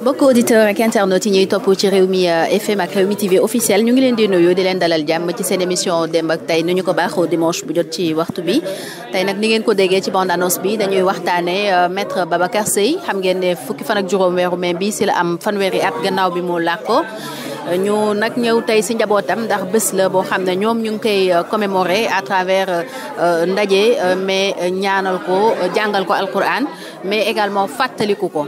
bokk auditeurs ak internautes yi ñuy topp ci réew mi euh, FM ak réew mi TV officiel ñu ngi leen di nuyu di leen dalal jàmm ci seen émission démb ak tey ñu ko baaxoo dimanche bu jot ci waxtu bi tey nag ni ngeen ko déggee ci bande annonce bi dañuy waxtaane euh, maître Babacar Seye xam ngeen ne fukki fan ak juróom weeru mai bi si la am fanweeri at gannaaw bi mu làkkoo ñu nag ñëw tey si njabootam ndax bés la boo xam ne ñoom ñu ngi koy euh, commémorer à travers ndaje mais ñaanal ko jàngal ko alquran mais également fàttaliku ko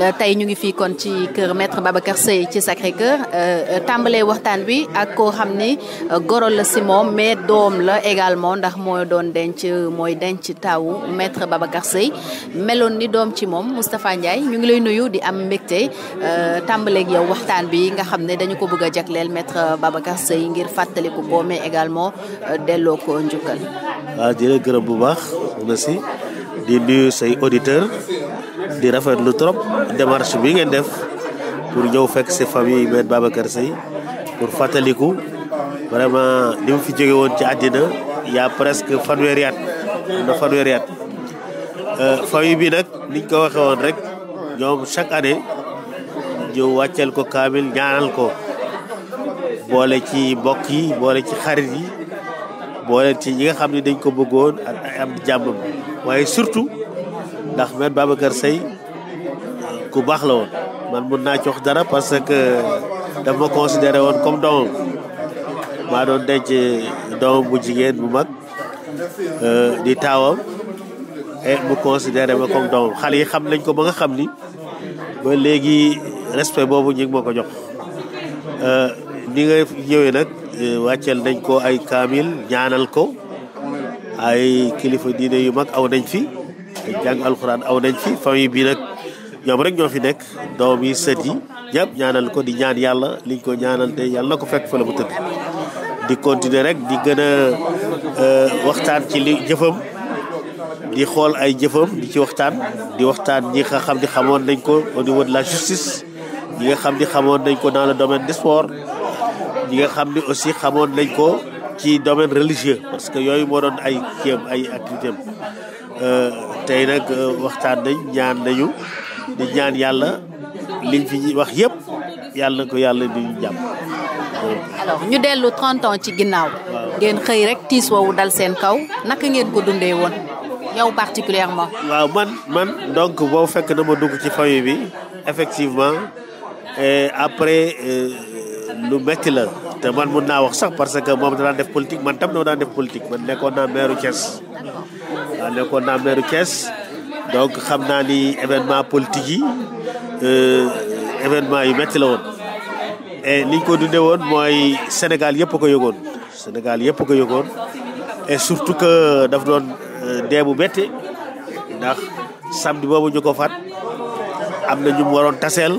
Euh, tey ñu ngi fii kon ci kër maître Babacar Seye ci Sacré Cœur euh, euh, tàmbalee waxtaan bi ak koo xam ni goro la si moom mais doom la également ndax moo doon denc mooy denc taawu maître Babacar Seye meloon ni doom ci moom Moustapha Ndiaye ñu ngi lay nuyu di am mbégte tàmbaleeg yow waxtaan bi nga xam ne dañu ko bëgg a jagleel maître Babacar Seye ngir fàttaliku ko mais également delloo ko njukkal. waaw ah, jërëjëf gërëm bu baax merci di nuyu say auditeur di rafetlu trop démarche bi ngeen def pour ñëw fekk si famille Maître baba Seye pour fàttaliku vraiment ni mu fi jóge woon ci àddina yaa presque fanweeri at am na fanweeri at euh, famille bi nag niñ ko waxee rek ñoom chaque année ñu wàcceel ko kaamil ñaanal ko boole ci mbokk yi boole ci xarit yi boole ci ñi nga xam ni dañ ko bëggoon ak am jàmm waaye surtout ndax man Babacar Seye ku baax la woon man mun naa jox dara parce que dama ma considéré woon comme doomam maa doon denc doomam bu jigéen bu mag euh, di taawam et mu considéré ma comme doomam xale yi xam nañ ko ba nga xam ni ba léegi respect boobu ñu ngi ma ko jox euh, ni nga ñëwee nag euh, wàcceel nañ ko ay kaamil ñaanal ko ay kilifa diine yu mag aw nañ fi jàng alxuraan aw nañ fi famille bi nag ñoom rek ñoo fi nekk doom yi sët yi ñëpp ñaanal ko di ñaan yàlla liñ ko ñaanal te yàlla na ko fekk fa la mu tëdd di continuer rek di gën a euh, waxtaan ci li jëfam di xool ay jëfam di ci waxtaan di waxtaan ñi xam ni xamoon nañ ko au niveau de la nga xam ni xamoon nañ ko dans le domaine du ñi nga xam ni aussi xamoon nañ ko ci domaine religieux parce que yooyu moo doon ay kiyam ay activité am euh, tey nag euh, waxtaan nañ ñaan nañu di ñaan yàlla liñ fi wax yëpp yàlla na ko yàlla di ñu jàpp. ñu dellu 30 ci ginnaaw. ngeen xëy rek tiis woowu dal seen kaw naka ngeen ko dundee woon yow particulièrement waaw man man donc boo fekk na ma dugg ci famille bi effectivement et après euh, lu metti la. te man mun naa wax sax parce que moom danaa def politique man tam dama daan def politique man nekkoon naa maire naa maire Thiès donc xam naa ni événement politique yi euh, événement yu métti la woon. et liñ ko dundee woon mooy Sénégal yëpp ko yogoon Sénégal yëpp ko yëgoon et surtout que daf doon euh, dee bu métti ndax samedi boobu ñu ko faat am na ñu mu waroon taseel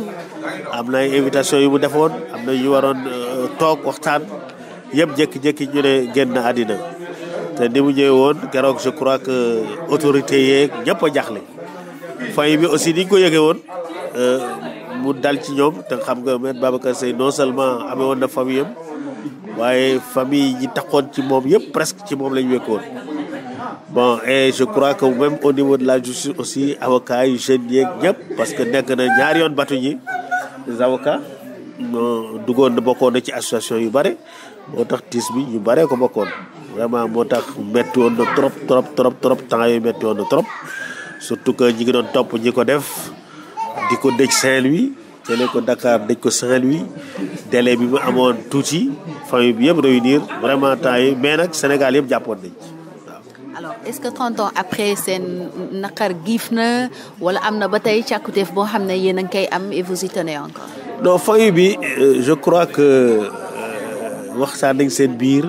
am na invitation yu mu defoon am na ñu waroon. Euh, toog waxtaan yëpp jékki-jékki ñu ne génn àddina te ni mu ñëwee woon keroog je crois que autorité yeeg ñëpp a jaxle famille bi aussi ni ko yëgee woon euh, mu dal ci ñoom te xam nga Me Babacar Seye non seulement amee woon na famille am waaye famille yi taxoon ci moom yëpp presque ci moom la ñu wekkoon bon e je crois que même au niveau de la justice aussi avocats yi jeunes yeeg ñëpp parce que nekk na ñaari yoon batu ñi les duggoon na bokkoon na ci association yu bare moo tax tiis bi ñu bare ko bokkoon vraiment moo tax métti woon na trop trop trop trop temps yooyu métti woon na trop surtout que ñi doon topp ñi ko def di ko dëj Saint-Louis jëlee ko Dakar dëj ko Saint-Louis délai bi mu amoon tuuti famille bi yëpp réunir vraiment temps yi mais nag Sénégal yëpp jàppoon nañ ci est-ce que 30 ans après seen naqar giif na walla am na ba tey càkkutéef boo xam ne yéen a koy am et vous y encore. non fayu bi euh, je crois que euh, waxtaan nañ seen biir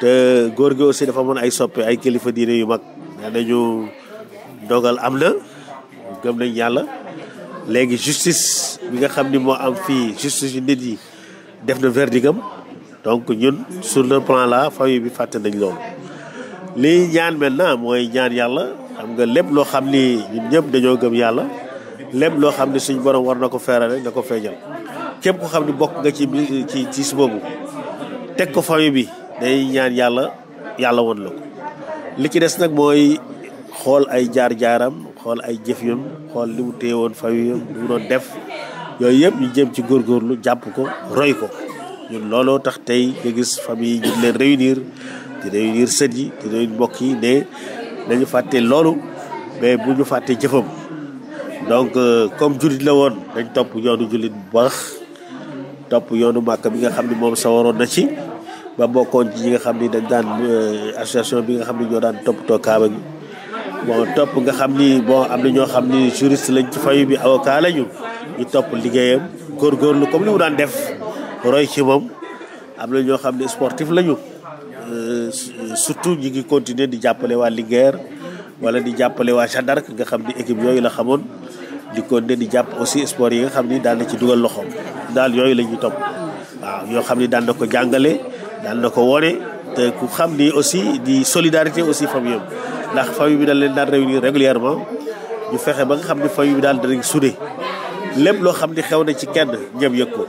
te góor gi aussi dafa amoon ay soppe ay kilifa diine yu mag nee nañu dogal am na gëm nañ yàlla léegi justice bi nga xam ni moo am fii justice yu nit yi def na gëm donc ñun sur le plan la famille bi fàtte nañ loolu lii ñaan maintenant mooy ñaan yàlla xam nga lépp loo xam ni ñëpp dañoo gëm yàlla lépp loo xam ne suñ borom war na ko feerale da ko feejal képp ko xam ne bokk nga ci ci tiis boobu teg ko famille bi day ñaan yàlla yàlla woon la ko li ci des nag mooy xool ay jaar-jaaram xool ay jëf yoon xool li mu téye woon famille li doon def yooyu yëpp ñu jëm ci góorgóorlu jàpp ko roy ko ñun looloo tax tey nga gis famille yi ñu leen réunir di réunir sët yi di réunir yi ne nañu fàtte loolu mais bu ñu fàttee jëfam donc euh, comme jullit la woon dañ topp yoonu jullit bu baax topp yoonu màkk bi nga xam ni moom sawaroon na ci ba bokkoon ci ñi nga xam ni dañ daan euh, association bi nga xam ni ñoo daan toppatoo kaaba gi bon topp nga xam ni bon am na ñoo xam ni juriste lañ ci fayu bi avocat lañu ñu topp liggéeyam góorgóorlu comme lu mu daan def roy ci moom am na ñoo xam ni sportif lañu euh, surtout ñi ngi continuer di jàppale waa Linguère wala di jàppale waa Jeanne d'Arc nga xam ni équipe yooyu la xamoon di ko di jàpp aussi sport yi nga xam ni daan na ci dugal loxoom daal yooyu la ñuy topp waaw yoo xam ni daan na ko jàngale daan na ko wone te ku xam ni aussi di solidarité aussi famille am ndax famille bi daal leen daan réunir régulièrement ñu fexe ba nga xam ni famille bi daal danañ sude lépp loo xam ni xew na ci kenn ñëpp yëg ko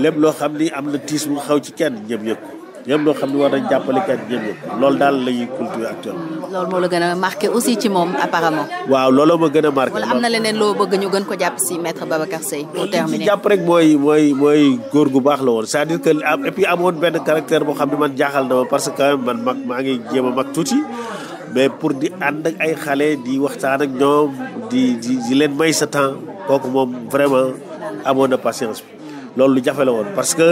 lépp loo xam ni am na tiis bu xew ci kenn ñëpp yëg ko yëpp loo xam ne war nañ jàppale kat yëpp loolu daal la ñuy culture actuellement. loolu moo la gën a marqué aussi ci moom apparemment. waaw looloo ma gën a marqué. wala am na leneen loo bëgg ñu gën ko jàpp si maître Babacar Seye. pour terminer jàpp rek mooy mooy mooy góor gu baax la woon c'est-à-dire que am et puis amoon benn caractère boo xam ne man jaaxal na ma parce que quand même man mag maa ngi jéem a mag tuuti. mais pour di ànd ak ay xale di waxtaan ak ñoom di di di leen may sa temps kooku moom vraiment amoon na patience bi loolu lu jafe la woon parce que.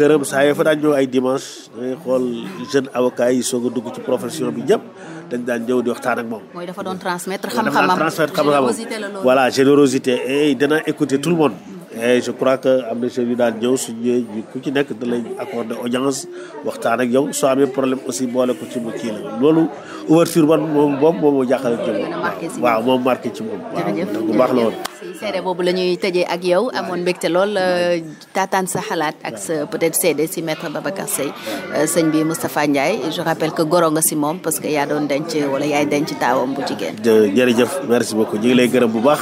këram saa yoo fa daan ñëw ay dimanche xool jeune avocat yi soog a dugg ci profession bi ñëpp dañ daan ñëw di waxtaan ak moom. mooy dafa doon transmettre xam-xamam générosité la loolu voilà générosité et eh, dana écouter tout le monde. et eh, je crois que am na jeunes yu daan ñëw suñ ñëwee ku ci nekk da lay accordé audience waxtaan ak yow soo amee problème aussi boole ko ci mu kii la loolu ouverture man moom moom moo jaaxal ci moom. waaw moom marqué ci moom. jërëjëf waaw bu baax la woon. si seede boobu la ñuy tëjee ak yow amoon mbégte lool euh, taataan sa xalaat ak sa peut-être seede si maître Babacar Seye euh, sëñ bi Moustapha Ndiaye je rappelle que goro nga si moom parce que yaa doon denc wala yaay denc taawam bu jigéen. jërëjëf merci beaucoup ñu ngi lay gërëm bu baax.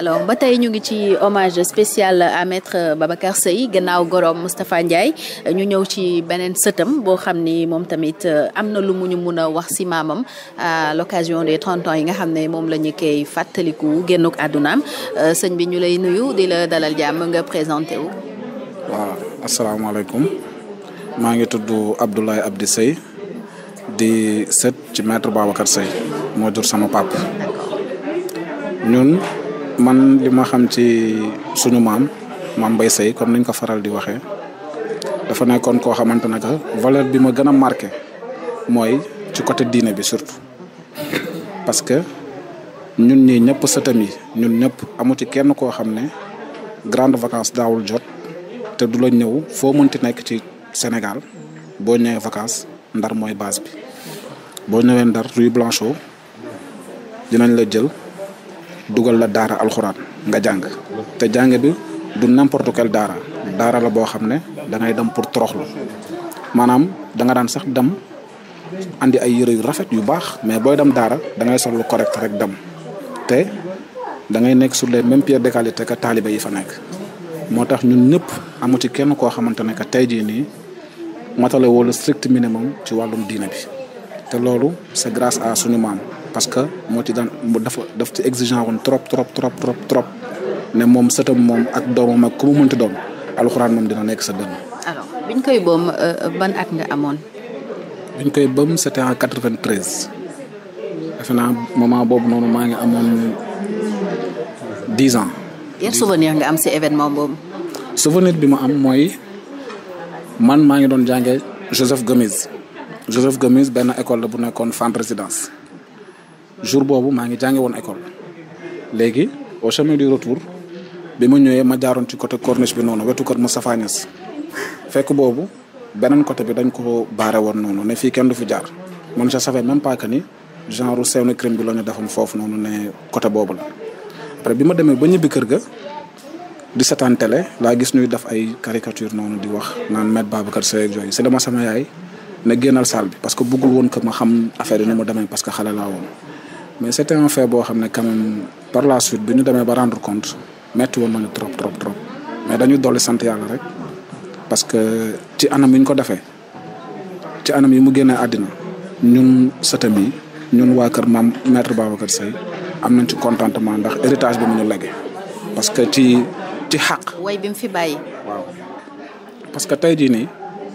alors ba tey ñu ngi ci hommage spécial à maître Babacar Seye gannaaw goro Moustapha Ndiaye ñu ñëw ci beneen sëtam boo xam ni moom tamit euh, am na lu mu ñu mun a wax si maamam à l'occasion des 30 yi nga xam ne moom la koy addunaam euh, sëñ bi ñu lay nuyu di la dalal jàmm nga présenté wu. waaw asalaamaaleykum maa ngi tudd Abdoulaye Abdi Seye di sët ci maître Babacar Seye moo jur sama pap ñun man li ma xam ci suñu maam maam Mbaye sëy comme niñ ko faral di waxee dafa nekkoon koo xamante ne que valeur bi ma gën a marqué mooy ci côté diine bi surtout parce ñun ñii ñëpp sëtam yi ñun ñëpp amu kenn koo xam ne grande vacance daawul jot te du la ñëw foo mënti nekk ci Sénégal boo ñëwee vacances ndar mooy base bi boo ñëwee ndar rue Blanchot dinañ la jël dugal la daara alxuraan nga jàng te jàng bi du n'importe daara daara la boo xam ne da ngay dem pour toroxlu maanaam da nga daan sax dem indi ay yëre yu rafet yu baax mais booy dem daara da ngay sol lu correct rek dem te da ngay nekk sur les mêmes pieds décalités que taaliba yi fa nekk moo tax ñun ñëpp amu ci kenn koo xamante ne que tey jii nii matale woo le strict minimum ci wàllum diine bi te loolu c'est grâce à suñu maam parce que moo ci daan dafa daf ci exigeant woon trop trop trop trop trop ne moom sëtam moom ak doomam ak ku mu mënti doon alxuraan moom dina nekk sa dënn. alors biñ koy boom euh, euh, ban at nga amoon. defe naa moment boobu noonu maa ngi amoon dix ans. yan souvenir nga am ci événement boobu. souvenir bi ma am mooy man maa ngi doon jànge Joseph gamis Joseph Gomis benn école la bu nekkoon Fann Résidence jour boobu maa ngi jànge woon école léegi au chemin du retour bi ma ñëwee ma jaaroon ci côté corniche bi noonu wetu kër Moustapha Niasse fekk boobu beneen côté bi dañ ko baare woon noonu ne fii kenn du fi jaar man je savais même pas genre sew na crème bi la ñu foofu noonu ne côté boobu la après bi ma demee ba ñibbi kër ga di setaan télé laa gis ñuy def ay caricature noonu di wax naan Maître Babacar Seye ak yooyu si dama sama yaay ne génnal salle bi parce que buggul woon ko ma xam affaire yi nu ma demee parce que xale laa woon mais c'était un fait boo xam ne quand par la suite bi ñu demee ba rendre compte metti woon nañu trop trop trop mais dañu dolli sant yàlla rek parce que ci anam yi ñu ko defee ci anam yi mu génnee àddina ñun sëtam yi ñun waa kër maam maître Babacar Seye am nañ ci contentement ndax héritage bi mu ñu lege parce que ci ci xàq. way bi mu fi bàyyi. parce que tey jii nii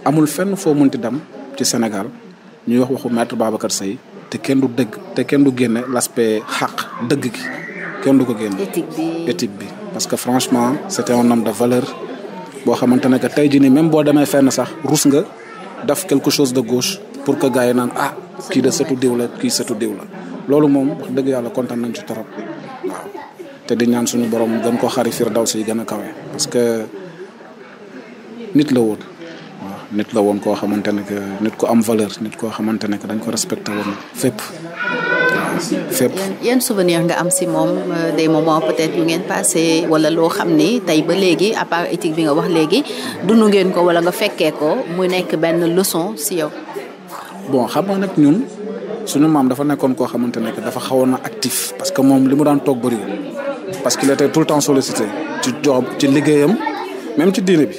amul fenn foo mënti dem ci Sénégal ñuy wax waxu maître Babacar Seye te kenn du dëgg te kenn du génne l'aspect xaq dëgg gi kenn du ko génne. éthique bi éthique parce que franchement c'était un homme de valeur boo xamante ne que tey jii nii même boo demee fenn sax ruus nga def quelque chose de gauche. pour que gars yi naan ah kii de sëtu diw la kii sëtu diw la loolu moom dëgg yàlla kontaan nañ ci torop waaw te di ñaan suñu borom gën ko xari daw si gën a kawe parce que nit la woon nit la woon koo xamante ne nit ku am valeur nit koo xamante ne que dañ ko respecté woon fépp fépp yan souvenir nga am si moom euh, des moments peut yu ngeen passé wala loo xam ni tey ba léegi à part éthique bi nga wax léegi dund ngeen ko wala nga fekkee ko mu nekk benn leçon si yow bon xam nga nag ñun suñu maam dafa nekkoon koo xamante ne dafa xawoon na actif parce que moom li mu daan toog bëriwul parce qu'il était tout le temps sollicité ci job ci liggéeyam même ci diine bi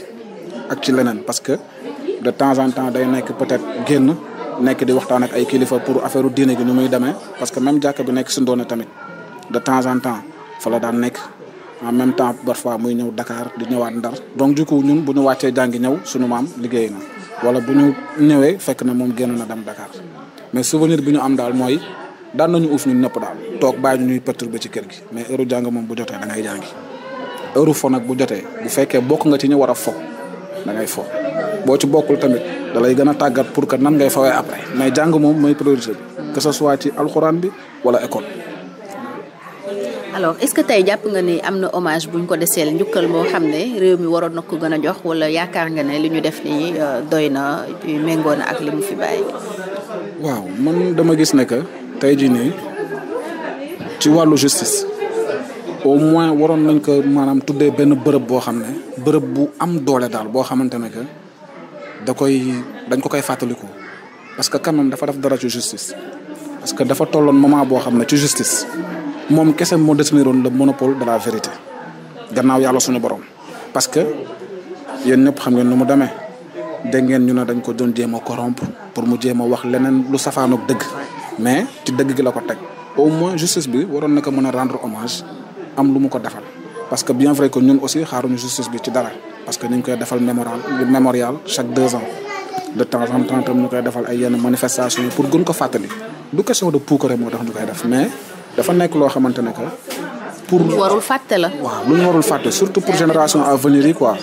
ak ci leneen parce que de temps en temps day nekk peut-être génn nekk di waxtaan ak ay kilifa pour affaire diine gi nu muy demee parce que même jàkka bi nekk suñu doone tamit de en temps fa daan nekk en même temps parfois muy ñëw Dakar di ñëwaat Ndar donc du coup ñun bu ñu wàccee jàngi ñëw suñu maam liggéey na wala bu ñu ñëwee fekk na moom génn na dam Dakar mais souvenir bi ñu am daal mooy daan nañu uuf ñun ñëpp daal toog ñu ñuy perturber ci kër gi mais heure jàng moom bu jotee da ngay jàngi heure fo nag bu jotee bu fekkee bokk nga ci ñu war a fo da ngay fo boo ci bokkul tamit da lay gën a tàggat pour que nan ngay fawee après mais jàng moom mooy priorité bi que ce soit ci alxuraan bi wala école alors est-ce que tey jàpp nga ni am na hommage buñ ko deseel njukkal boo xam ne réew mi waroon na ko gën a jox wala yaakaar nga ne li ñu def nii euh, doy na euh, méngoo ak li mu fi bàyyi. waaw man dama gis ne que tey jii nii ci wàllu justice au moins waroon nañ ko maanaam tuddee benn bërëb boo xam ne bërëb bu am doole daal boo xamante ne que da koy dañ ko koy fàttaliku parce que quand même dafa def dara ci justice parce que dafa tolloon moment boo xam ne ci justice. moom kese moo déteniroon le monopole de la vérité gannaaw yàlla suñu borom parce que yéen ñëpp xam ngeen nu mu demee dégg ngeen ñu ne dañ ko doon jéem a pour mu jéem a wax leneen lu safaanoog dëgg mais ci dëgg gi la ko teg au moins justice bi waroon na ko mën a rendre hommage am lu mu ko defal parce que bien vrai que ñun aussi xaaruñu justice bi ci dara parce que niñ koy defal mémoral mémorial chaque deux ans de temps en temps tam ñu koy defal ay yenn manifestations yi pour gën ko fàttali du question de moo tax ñu koy def mais dafa nekk loo xamante ne que pour. warul fàtte la. waaw lu ñu warul fàtte surtout pour génération à venir yi quoi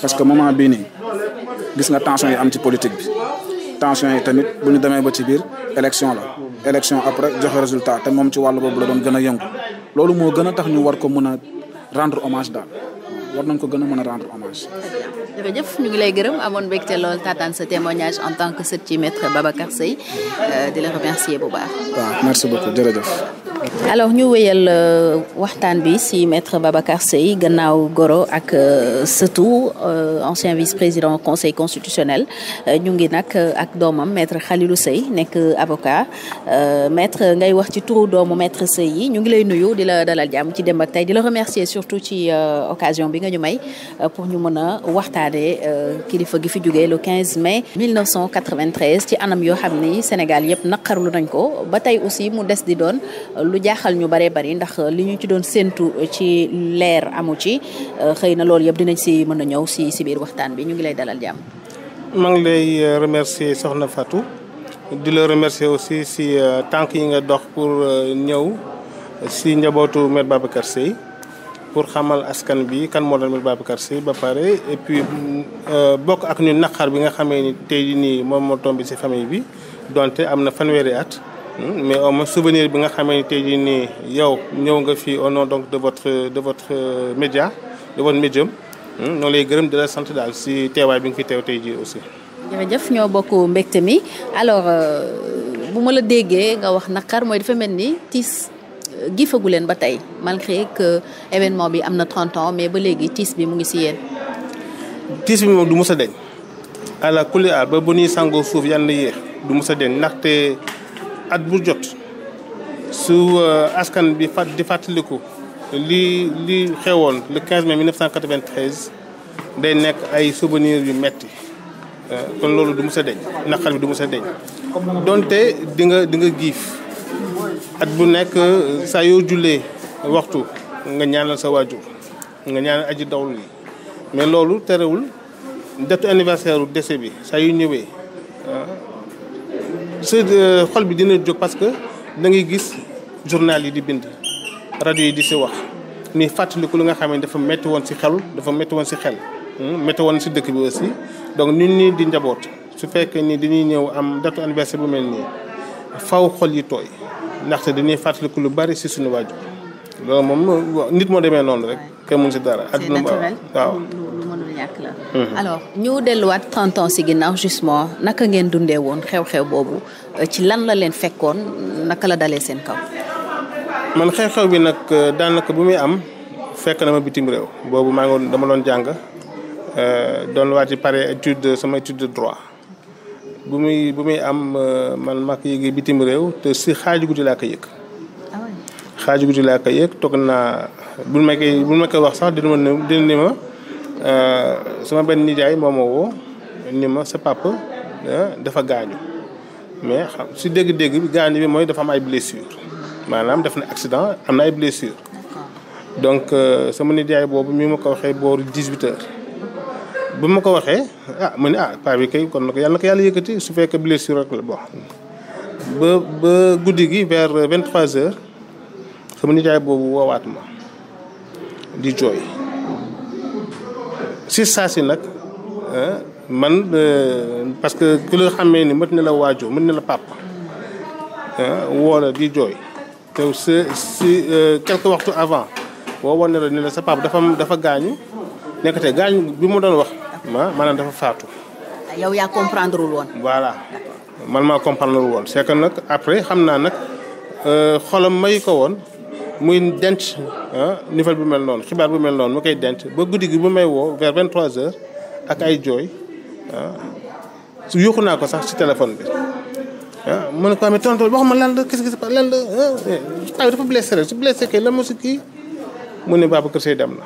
parce que moment bii nii gis nga tension yi am ci politique bi tension yi tamit bu ñu demee ba ci biir élection la. élection après joxe résultat te moom ci wàllu boobu la doon gën a yëngu loolu moo gën a tax ñu war ko mën a rendre hommage daal. war nañ ko gën a mën a rendre hommage. jërëjëf ñu ngi lay gërëm amoon mbégte lool taataan sa témoignage en tant que sët ci maître Babacar Seye euh, di la remercier bu baax. waaw merci alors ñu wéyal euh, waxtaan bi si maître Babacar Seye gannaaw goro ak euh, sëtu euh, ancien vice-président conseil constitutionnel ñu ngi nag ak doomam maître xalilu Seye nekk avocat maitre ngay wax ci turu doomu maître Seye yi ñu ngi lay nuyu di la dalal jàmm ci démb ak tey di la remercier surtout ci occasion bi nga ñu may pour ñu mën a waxtaanee kilifa gi fi jógee le 15 mai 1993 ci anam yoo xam ni Sénégal yëpp naqarlu nañ ko ba tey aussi mu des di doon lu jaaxal ñu baree bari ndax uh, li ñu ci doon séentu uh, ci leer amu ci uh, xëy na loolu yëpp dinañ si mën a ñëw si si biir waxtaan bi ñu ngi lay dalal jàmm. maa ngi lay remercier soxna Fatou di la remercier aussi si tànk yi nga dox pour ñëw si njabootu Me Babacar Sèye pour xamal askan bi kan moo doon Me Babacar Sèye ba pare et puis bokk ak ñu naqar bi nga xamee ni tey nii moom moo tombé si famille bi donte am na fanweeri at. mais au moins souvenir bi nga xamante ni nii yow ñëw nga fii au nom donc de votre de votre euh, média de votre médium hmm, ñoo lay gërëm di la sant daal si teewaay bi nga fi teew tey jii aussi. jërëjëf ñoo bokk mbégte mi alors euh, bu ma la déggee nga wax naqar mooy dafa mel ni tiis euh, giifagu leen ba tey malgré que événement bi am na 30 ans mais ba léegi tiis bi mu ngi si yéen. tiis bi moom du mos a deñ ala kulli ba bu ñuy sangoo suuf yàlla na yéex du mos a deñ ndaxte. at bu jot su euh, askan bi fat di fàttaliku li li xewoon le 15 mai 1993 day nekk ay souvenir yu metti euh, kon loolu du mu sa deñ naqar bi du mu sa deñ donte dinga dinga di giif at bu nekk euh, saa yoo jullee waxtu nga ñaanal sa waajur nga ñaanal aji dawlu yi mais loolu terewul datu anniversaire u bi saa yu ñëwee sa euh, xol bi dina jóg parce que da ngay gis journal yi di bind rajo yi di si wax ni fàttaliku lu nga xam ne dafa métti woon si xel dafa métti woon si xel métti hmm, woon si dëkk bi aussi donc nit ñi di njaboot su fekkee nii dañuy ñëw am datu anniversaire bu mel nii faw xol yi tooy ndaxte dañuy fàttaliku lu bari si suñu waajur loolu moom nit moo demee noonu rek kenn mun si dara. àdduna waaw ñàkk la. Mhm. alors ñu delluwaat 30 ans si ginnaaw justement naka ngeen dundee woon xew-xew boobu euh, ci lan la leen fekkoon naka la dalee seen kaw. man xew-xew bi nag euh, daanaka bu muy am fekk na ma bitim réew boobu maa ngi dama doon jàng euh, doon waaj pare étude sama étude de droit bu muy bu muy am man ma ko yëgee bitim réew te si xaaju guddi laa ko yëg. Ah xaaju guddi laa ko yëg toog naa buñ ma koy buñ ma koy wax sax dina ma dina ne ma. Euh, sama benn nijaay moo ma woo ni ma sa papa ah, dafa gaañu mais xam si dégg-dégg bi gaañu bi mooy dafa am ay blessure maanaam def na accident am na ay blessure donc euh, sama nijaay boobu mi ma ko waxee booru 18 heures bu ma ko waxee ah mu ne ah paa bi kay kon na ko yàlla na ko yàlla yëkkati su fekkee blessure rek la bon ba ba guddi gi vers 23 heures sama nijaay boobu woowaat ma di jooy si saa si nag man euh, parce que ku la xamee ni mën na la waajoo mën na la papa woo di jooy te si si euh, waxtu avant woo woon na la ni sa papa dafa dafa gaañu nekk te gaañu bi mu doon wax ma maanaam dafa faatu. Ah, yow yaa comprendre wul woon. voilà man maa comprendre wul woon c'est que nag après xam naa nag euh, xolam may ko woon. muy denc ah, nouvelle bu mel noonu xibaar bu mel noonu mu koy denc ba guddi gi bu may woo vers 23h ak ay jooy ah, su yuuxu naa ko sax ci téléphone bi. Ah, mu ne ko amee tontu waxuma lan la la ah dafa blessé rek su blessé kay mu ne Babacar dem na.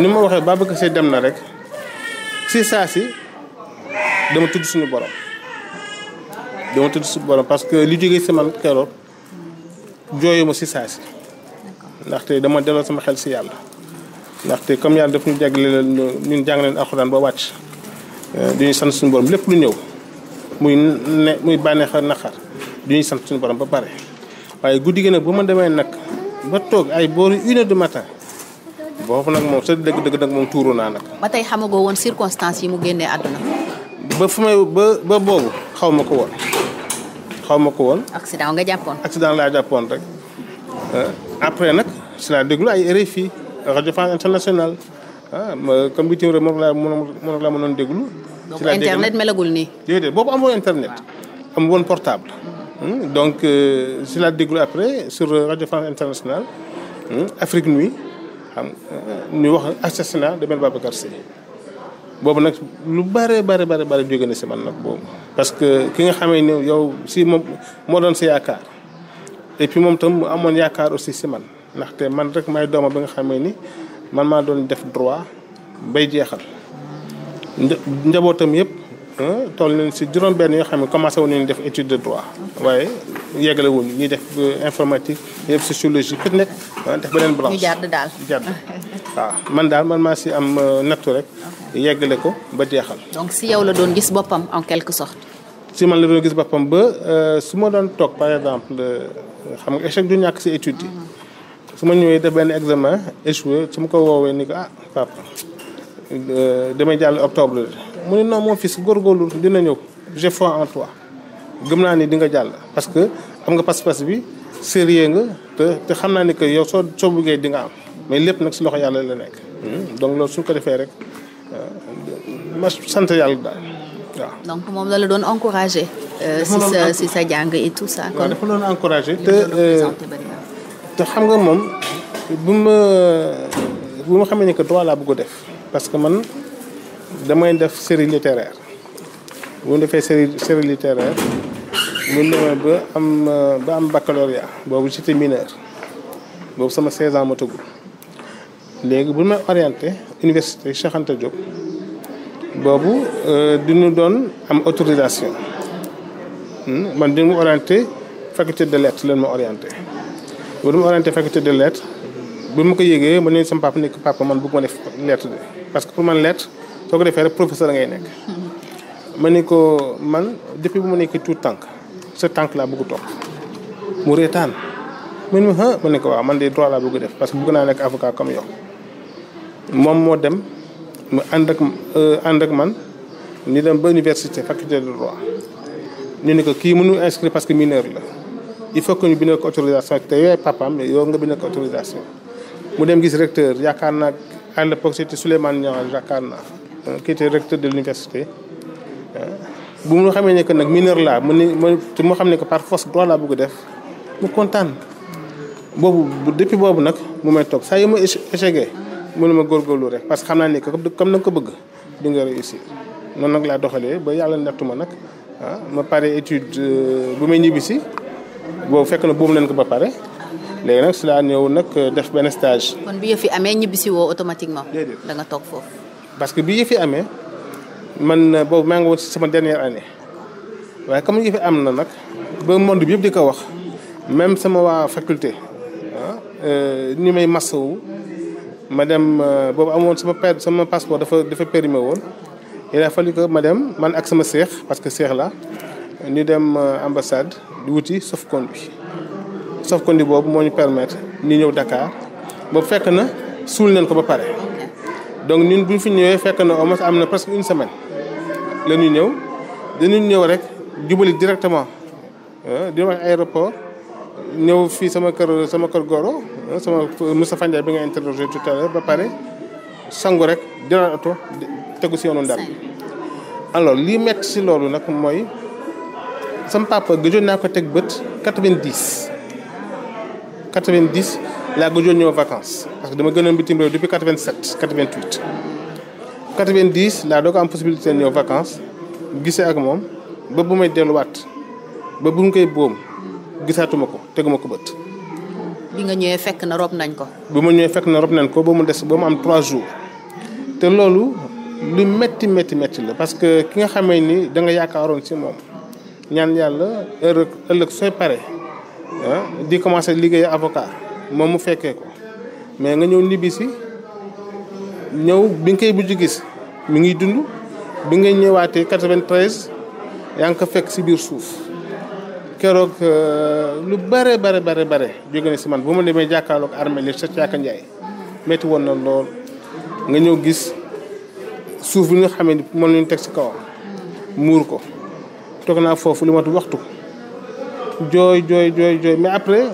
ni ma waxee Babacar Seye dem na rek si saa si dama tudd suñu borom dama tudd suñu borom parce que li jógee si man keroog. jooyu ma si saa si ndaxte dama delloo sama xel si yàlla ndaxte comme yàlla daf ñu jagleel ñun jàng leen alxuraan ba wàcc euh, du ñuy sant suñu borom lépp lu ñëw muy muy bànneex ak naqar du ñuy sant suñu borom ba pare waaye guddi gi nag bu ma demee nag ba toog ay boori une heure du matin boobu nag moom sa dëgg-dëgg nag moom tuuru naa nag. ba tey xamagoo woon circonstances yi mu génnee àdduna. ba fu may ba ba boobu xaw ma ko woon. xaw ma ko woon. accident nga jàppoon. accident laa jàppoon rek. Euh, après nag si laa déglu ay RFI rajo France internationale ah ma comme bitim réew moom laa moom laa mënoon déglu. si laa internet melagul nii. déedéet boobu amoo internet. am woon portable. Mm-hmm. Hmm, donc euh, si laa déglu après sur euh, rajo France internationale hmm, Afrique Nuit xam ñu wax assassinat de Babacar Sèye boobu nag lu bare bare bare bare jóge na si man nag boobu parce que ki nga xamee ni yow si moom moo doon si yaakaar et moom tam mu amoon yaakaar aussi si man ndaxte man rek may dooma bi nga xamee ni man maa doon def droit bay jeexal njabootam yëpp toll nañ si juróom benn yoo xam ne commencé wu nañu def étude de droit waaye yeggale wuñ ñuy def euh, informatique ñuy def sociologie peut nekk def beneen branche jàdd daal jàdd waaw ah, man daal man maa si am euh, nattu rek. yeggale ko ba jeexal. donc si yow la doon gis boppam en quelque sorte. si man la doon gis boppam ba euh, su ma doon toog par exemple euh, xam nga échec du ñàkk si étude mhm. su ma ñëwee def benn examen échoué su ma ko woowee ni ko ah damay jàll octobre la mu ne non mon fils góorgóorlu dina ñëw j'ai fois en toi gëm naa ni di nga jàll parce que xam nga pas-pas bi sérieux nga te xam naa ni que yow soo soo buggee di nga am. mais lépp nag si loxo yàlla la nekk. Hmm? donc loolu suñ ko defee rek euh, ma sant yàlla daal waaw. donc moom la la doon encouragé. Euh, si sa si sa jàng et tout ça. Euh, te xam nga moom bu ma xamee ni que droit laa bëgg a def. parce que man damay def série littéraire bu ma defee série série littéraire mu demee ba am ba am baccalauréat boobu j'étais mineur boobu sama 16 ans ma tëggul. léegi bu ma orienté université Cheikh Anta Diop boobu euh, nu doon am autorisation hmm, man dinu ma orienté faculté de lettres leen ma orienté bu ma orienté faculté de lettres bu ma ko yëgee ma ne sama papa nekk papa man bëgg ma def lettre de parce que pour man lettre soo ko defee rek professeur ngay nekk ma ni ko man depuis bu ma nekk tout tànk sa tànk laa bëgg ko waaw man de droit laa bëgg def parce que bëgg naa nekk avocat comme yow moom moo dem mu ànd ak euh, ànd ak man ñu dem ba université faculté de droit ñu ne ko kii mënu inscrit parce que mineur la il faut que ñu bindal ko autorisation te yooyu papaam yow nga bindal ko autorisation mu dem gis recteur yaakaar naa à l'époque c'était Souleymane Niang yaakaar naa euh, qui était recteur de l'université euh, bu mu xamee ne que nag mineur la mu ni te mu xam ne ko par force droit laa bëgg def mu kontaan boobu bu depuis boobu nag mu may toog saa yu ma échec mënuma góorgóorlu rek parce que xam naa ne comme na nga ko bëgg di nga réussir noonu nag laa doxalee ba yàlla nattuma nag ah ma pare étude euh, bu may ñibbisi boobu fekk na boobu leen ko ba pare léegi nag su laa ñëw nag euh, def benn stage. kon bi yëf yi amee ñibbisi woo automatiquement. déedéet da nga toog foofu. parce que bi yëf amee man euh, boobu maa ngi si sama dernière année waaye comme yëf am na nag ba monde bi yëpp di ko wax même sama waa faculté ah ñu may masawu. ma dem euh, boobu amoon sama sama passeport dafa dafa périmé woon il a fallu que ma dem man ak sama seex parce que seex la ñu dem euh, ambassade di wuti sauf-conduit sauf-conduit boobu moo ñu permettre ñu ñëw dakaar boobu fekk na suul nañ ko ba pare donc ñun bu fi ñëwee fekk na au moins am na presque une semaine lañuy ñëw dañuy ñëw rek jubali directement euh, di wax aéroport ñëw fii sama kër sama kër goro sama Moustapha Ndiaye bi nga interrogé tout à ba pare sangu rek jëlaat oto tegu si yoonu Ndar alors lii metti si loolu nag mooy sama papa gëjoon naa ko teg bët 90 90 laa gëjoon ñëw vacances parce que dama gënoon bitim réew depuis 87 88 90 laa doo ko am possibilité ñëw vacances gisee ak moom ba bu may delluwaat ba bu mu koy boom gisaatuma ko teguma ko bët. bi nga ñëwee fekk na rob nañ ko. bi ma ñëwee fekk na nañ ko ba mu des ba mu am trois jours te loolu lu métti métti métti la parce que ki nga xamee ni da nga yaakaaroon ci moom ñaan yàlla ëllëg ëllëg sooy pare ah, di commencer liggéey avocat moom mu fekkee ko mais nga ñëw ñibbi si ñëw bi nga koy bujj gis mu ngi dund bi nga ñëwaatee 93 yaa ngi ko fekk si biir suuf. keroog euh, lu bare bare bare bare jóge na si man bu ma demee jàkkaarloog armée li sa caaka njaay métti woon na lool nga ñëw gis suuf bi nga xam ne moom la ñu teg si kawam muur ko toog naa foofu li mat waxtu jooy jooy jooy jooy mais après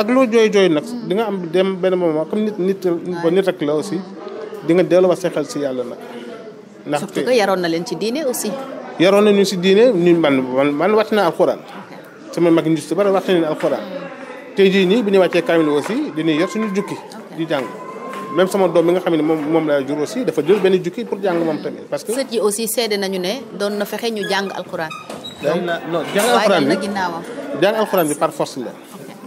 ak loo jooy jooy nag di nga am dem benn moment comme nit nit ba nit rek la aussi di nga delluwaat sa xel si yàlla nag. ndaxte surtout yaroon na leen ci diine aussi. yaroon nañu si diine ñu man man man wàcc naa alxuraan sama mag ñu si bari wax nañu alxuraan tey jii nii bu ñu wàccee kaamil aussi dañuy yor suñu jukki di jàng même sama doom bi nga xam ne moom moom laa jur aussi dafa jël benn jukki pour jàng moom tamit parce que sët yi aussi ne doon na fexe ñu jàng alxuraan non jàng alxuraan bi jàng alxuraan bi par force la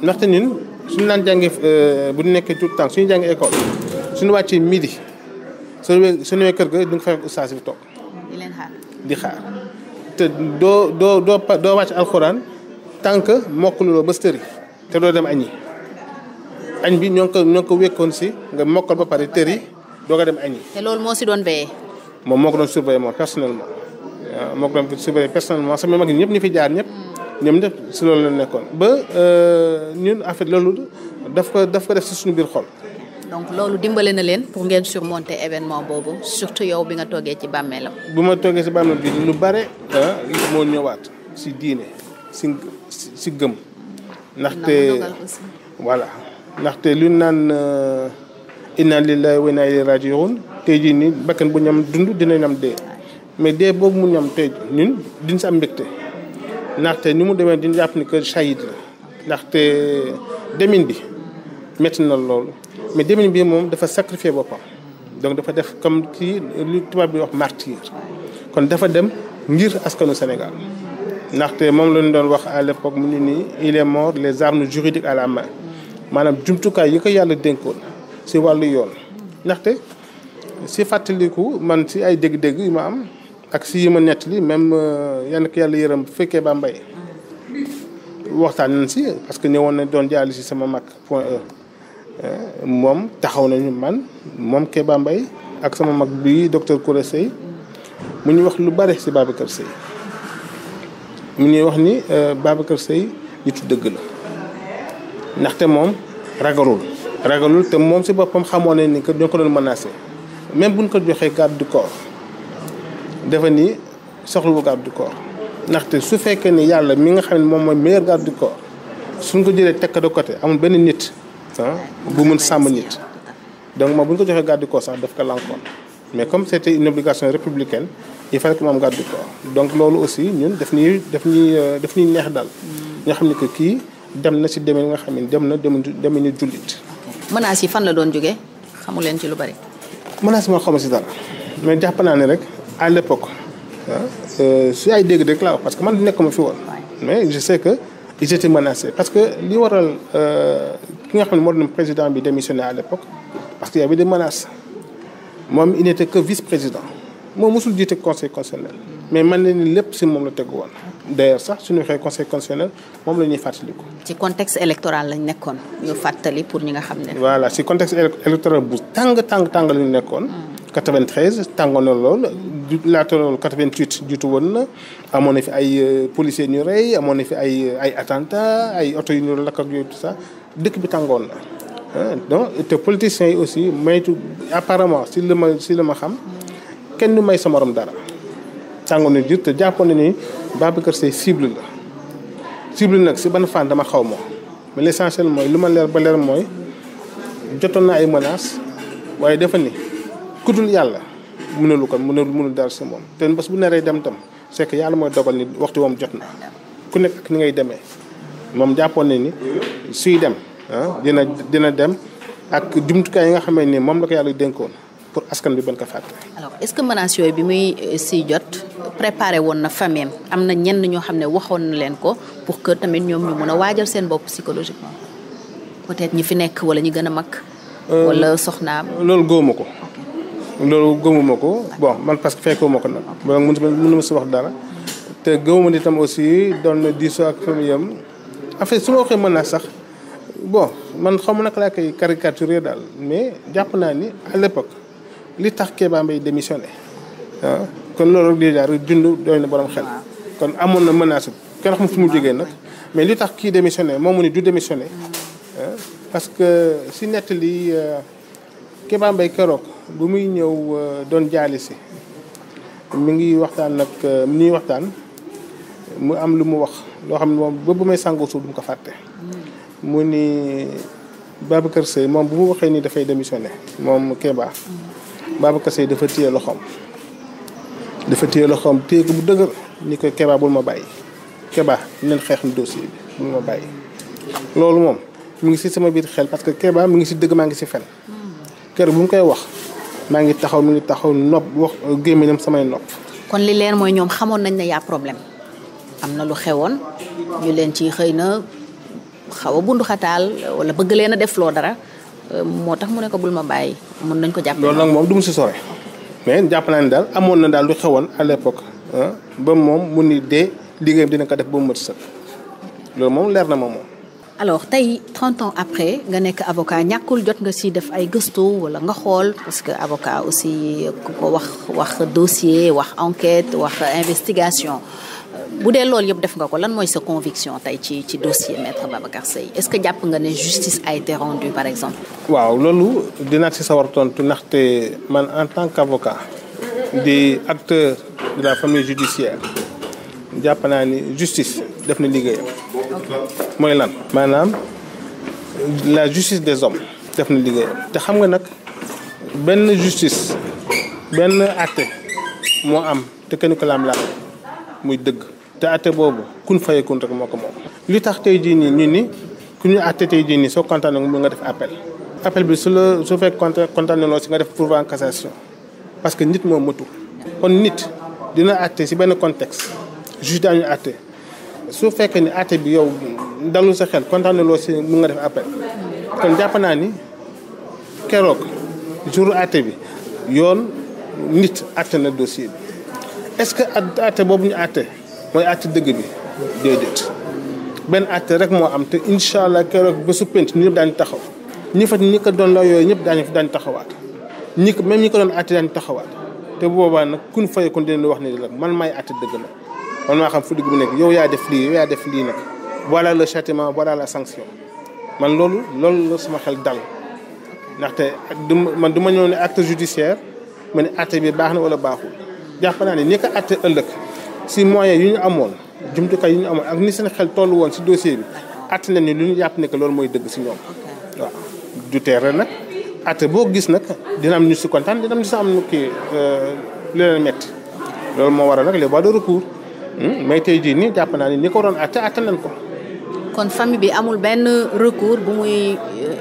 ndaxte ñun suñu naan jàngee euh, bu ñu nekkee tout le temps suñu jàngee école suñu wàccee midi suñu suñu kër ga du nga fekk ustaas bi toog di xaar te doo doo doo doo wàcc alxuraan tant que mokkaluloo ba sëri te doo dem añi añ bi ñoo ngi ko ñoo ko wékkoon si nga mokkal ba pare tëri doo ko dem añi. te loolu moo si doon veillé. moom moo ko doon surveillé moom personnellement moo ko doon surveillé personnellement sama mag yi ñëpp ñu fi jaar ñëpp. ñoom ñëpp si loolu la nekkoon ba euh, ñun en fait loolu daf ko daf ko def si suñu biir xol. donc loolu dimbale na leen pour ngeen surmonter événement boobu surtout yow bi nga toogee ci bàmmeelam. bu ma toogee si bàmmeel bi lu bare. Ah, moo ñëwaat si diine. si si gëm ndaxte voilà ndaxte lu naan euh, inna lillahi wa inna ilayhi raji'un tey jii nii bakkan bu ñam dund dina am dee mais dee boobu mu ñam tey ñun diñ sa am mbégte ndaxte ni mu demee diñ jàpp ni kër chahid la ndaxte euh, demin bi métti na loolu mais demin bi moom dafa sacrifier boppam donc dafa def comme ci lu tubaab bi wax martyr kon dafa dem ngir askanu Sénégal ndaxte moom lañu doon wax à l'époque mu ne nii il est mort les armes juridiques à la maanaam jumtukaay yi ko yàlla dénkoon si wàllu yoon. ndaxte si fàttaliku man si ay dégg-dégg yu ma am ak si yi ma nettali même euh, yan ko yàlla yërëm bu fekkee ba mbay waxtaan nañ si parce que woon na doon jàll si sama mag point E euh, moom taxaw nañu man moom ba mbay ak sama mag bi docteur Koura Seye mu ñu wax lu bare si Babacar Seye mu ñuy wax ni euh, Babacar Seye nitu dëgg la ndaxte moom ragalul ragalul te moom si boppam xamoo na ni que ñoo ko doon menacé même buñ ko joxee garde du corps dafa ni soxlawu garde ndaxte su fekkee ni yàlla mi nga xam ne moom mooy meilleur garde du corps suñ ko jëlee tekk de côté amul benn nit ah bu mun sàmm nit donc moom bu ñu ko joxee garde du sax daf ko lànkoon mais comme c'était une obligation républicaine il fallait que mu am gàddu quoi donc loolu aussi ñun daf ñuy daf ñuy euh, daf ñuy neex daal. nga xam ne que kii dem na si demee nga xam ne dem na demee ni jullit. menaces yi fan la doon jógee xamu leen ci lu bari. menace moo xamu si dara mais jàpp naa ne rek à l'époque ah, euh, su ay dégg rek laa wax parce que man nekkuma fi woon. mais je sais que ils étaient menacés parce que li waral euh, ki nga xam ne moo doon président bi démissionné à l'époque que y avait des menaces moom il n'était vice-président. moom mosul jiite conseil constitutionnel mais man leen ni si moom la tegu woon d'ailleurs sax suñu waxee conseil constitutionnel moom la ñuy fàttaliku. ci contexte électoral lañ nekkoon ñu fàttali pour ñi nga xam ne. voilà si contexte électoral bu tàng tàng tàng lañu nekkoon. 93 hmm. tàngoon na lool laata loolu 88 jiitu woon na amoon na fi ay euh, policiers ñu rey amoon na fi ay euh, ay attentats ay oto yu ñu lakk ak yooyu tout dëkk bi tàngoon na donc te politiciens yi aussi maytu apparemment si la ma si la ma xam. kenn du may sa morom dara tàngoor na jur te jàppoon na ni Babacar Seye cible la cible nag si ban fànn dama xaw moo mais l'essentiel mooy lu ma leer ba leer mooy jotoon na ay menaces waaye dafa ni ku dul yàlla mënalu ko mënalu mënul dara si moom te bés bu naree dem tam c'est que yàlla ni waxtu woom jot na ku nekk ni ngay demee moom jàppoon na ni suy dem ah, dina dina dem ak jumtukaay yi nga xam ne moom la ko yàlla dénkoon. pour askan bi bañ ko fàtte. alors est-ce que menaces yooyu bi muy euh, si jot préparé woon na famille am na ñenn ñoo xam ne waxoon na leen ko pour que tamit ñoom ñu mun a waajal seen bopp psychologiquement peut-être ñi fi nekk wala ñi gën a mag. Euh, wala soxnaam. loolu góomu ko. loolu gëmuma ko bon man parce que fekkuma ko nag donc mënu ma si wax dara te gëmuma ni tam aussi doon na diisoo ak famille am en su ma waxee mën sax bon man xaw ma naka koy caricaturer daal mais li tax Kéba Mbaye démissionné ah kon loolu rek déjà rek dund borom xel. kon amoon na menace kenn xam fu mu jógee nag mais li tax kii démissionné moom mu ni du démissionné ah, parce que si nettali euh, Kéba Mbaye keroog bu muy ñëw euh, doon jaalisi mu ngi waxtaan nag euh, mi waxtaan mu am lu mu wax loo xam ne moom ba may sàngoo suuf du mu ko fàtte. mu ni Babacar Seye moom bu mu waxee nii dafay démissionné moom Kéba. Babacar Seye dafa téye loxoom dafa téye loxoom téye ko bu dëgër ni ko Keba bul ma bàyyi Keba leen xeex na dossier bi bul ma bàyyi. loolu moom mu ngi si sama biir xel parce que Keba mu ngi si dëgg maa ngi si fen kër bu mu koy wax maa ngi taxaw mu ngi taxaw nopp wax gémmiñam samay nopp. kon li leer mooy ñoom xamoon nañ ne yaa problème am na lu xewoon ñu leen ci xëy na xaw a bundu wala bëgg leen a def loo dara moo tax mu ne ko bul ma bàyyi mun nañ ko jàpp. loolu nag moom du si sore mais jàpp naa daal amoon na daal lu xewoon à ba moom mu ni dee liggéeyam dina ko def ba mu mët sëkk loolu moom leer na ma moom. alors tey 30 ans après nga nekk avocat ñàkkul jot nga si def ay gëstu wala nga xool parce que avocat aussi ku ko wax wax dossier wax enquête wax investigation. bu dee loolu yëpp def nga ko lan mooy sa conviction tey ci ci dossier maître Babacar Seye est-ce que jàpp nga ne justice a été rendue par exemple. waaw loolu dinaa ci sawar tontu ndaxte man en tant qu'avocat di acteur de la famille judiciaire jàpp naa ni justice def na liggéeyam. lan. maanaam la justice des hommes. def na liggéeyam te xam nga nag benn justice benn àtte moo am te kenn ko laam laam muy dëgg. te atte boobu kun fayakun rek moo ko moom. li tax tey jii nii ñu ni ku ñu atte tey jii nii soo kontaanee mu nga def appel. appel bi su su fekk kontaan kontaanee loo si nga def pourvoi en parce que nit moo mëtu kon nit dina atte si benn contexte juge daañu atte su fekkee ni atte bi yow dalul sa xel kontaanee loo si mu nga def appel kon jàpp naa ni keroog jour atte bi yoon nit atte na dossier bi est-ce que ate boobu ñu atte. mooy àtte dëgg bi déedéet benn àtte rek moo am te incha allah keroog ba su pénc ñëpp daañu taxaw ñi fa ñi doon la yooyu ñëpp daañu daañu taxawaat ñi ko même ñi ko doon àtte daañu taxawaat te boobaa nag kun fay kon dinañ wax ni la man maay àtte dëgg la man maa xam fu dëgg bi nekk yow yaa def lii yow yaa def lii nag voilà le châtiment voilà la sanction man loolu loolu la sama xel dal ndaxte du man du ma ñëw ne acte judiciaire ma ne àtte bi baax na wala baaxul jàpp naa ne ñi ko si moyens yu ñu amoon jumtukaay yu ñu amoon ak ni seen xel tollu woon si dossier bi atte nañu lu ñu yàpp ne que loolu mooy dëgg si ñoom waaw du teere nag atte boo gis nag dina am ñu si kontaan dina am ñu euh, loolu moo waral nag les voies hmm, mais tey jii nii jàpp naa ni ni ko doon atte atte ko kon famille bi amul benn recours bu muy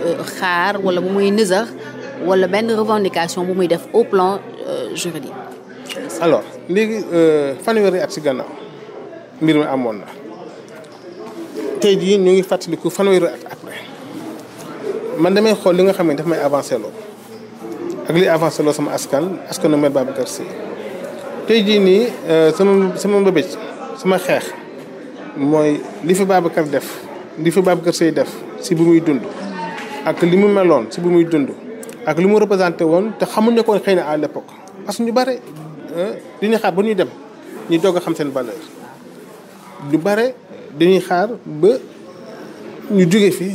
euh, xaar wala bu muy nësax wala benn revendication bu muy def au plan euh, juridique alors léegi euh, fanweeri at si gannaaw mbir mi amoon na tey jii ñu ngi fàttaliku fanweeri at après man damay xool li nga xam ne daf may avancé loo ak li avancé sama askan askanu Maître Babacar Sy tey jii nii euh, sama sama mbébéj sama xeex mooy li fi Babacar def li fi Babacar Sy def si bu muy dund ak li mu meloon si bu muy dund ak li mu représenté woon te xamuñu ko xëy na à l'époque ñu bare dañuy xaar ba ñuy dem ñu doog xam seen valeur lu bare dañuy xaar ba ñu jóge fii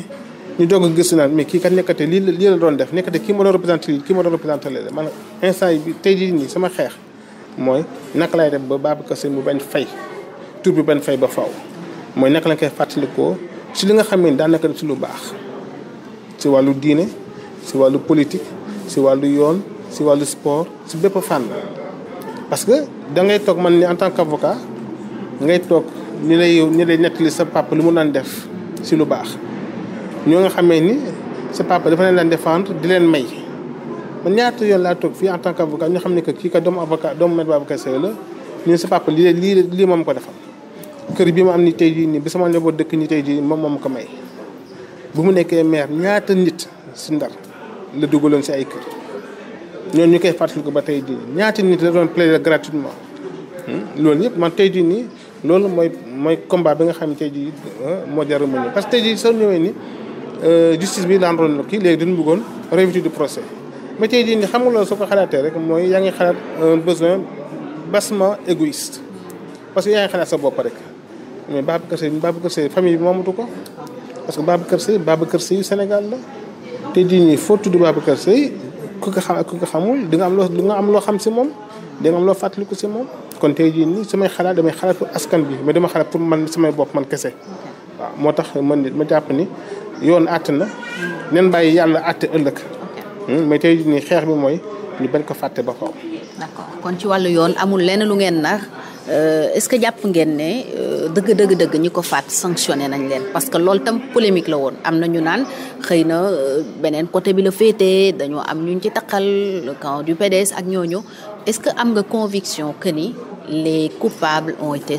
ñu doog a gëstu naan mais kii kat nekkate lii la doon def nekkate kii ma doon représenté lii kii ma doon représenté man instant yi bi tey jii nii sama xeex mooy naka lay dem ba Babacar seen bu bañ fay tur bi bañ fay ba faw mooy naka lañ koy fàttalikoo si li nga xam ne daanaka def si lu baax si wàllu diine si wàllu politique si wàllu yoon si wàllu sport si bépp fànn parce que da ngay toog man ni en tant qu'avocat ngay toog ñu lay ñi lay nettali sa papa li mu daan def si lu baax ñoo nga xamee ni sa papa dafa leen daan di leen may man ñaata fii en tant qu'avocat ñu xam ne que kii ka doomu avocat doomu maître Babacar Seye la lii lii moom ko defal kër bi ma am ni tey jii nii bi sama njaboot dëkk ni tey jii moom moom ko may mu nekkee maire ñaata nit si ndar la dugaloon si ay kër ñooñu ñu koy ko ba tey jii ñaata nit la doon plaider gratuitement. loolu yëpp man tey jii nii loolu mooy mooy combat bi nga xam ne tey jii ah, moo jar mu ñëw parce que jii soo ñëwee ni euh, justice bi daan doon kii léegi dañu bëggoon révision du procès ma tey jii nii soo ko xalaatee rek mooy yaa ngi xalaat un besoin bassement égoïste parce que yaa ngi xalaat sa bopp rek mais Babacar Seye Babacar Seye famille bi moomatu ko parce que Babacar Seye Babacar Seye Sénégal la tey jii nii foo tudd Babacar Seye ku ko xam ak ko xamul di am loo xam si moom di am loo fàttaliku si moom kon te jii nii samay xalaat damay xalaat pour askan bi mais dama xalaat pour man samay bopp man kese waaw moo tax man ma jàpp ni yoon àtt na nen bàyyi yàlla àtte ëllëg hmm, mais tey jii nii xeex bi mooy ñu bañ ko fàtte ba xaw kon ci wàllu yoon amul lenn lu ngeen nar Euh, est-ce que jàpp ngeen ne euh, dëgg dëgg dëgg ñi ko faat sanctionné nañ leen parce que loolu tam polémique la woon am na ñu naan xëy na euh, beneen côté bi la féetee dañoo am ñu ci taqal le camp du PDS ak ñooñu est-ce que am nga conviction que ni les coupables ont été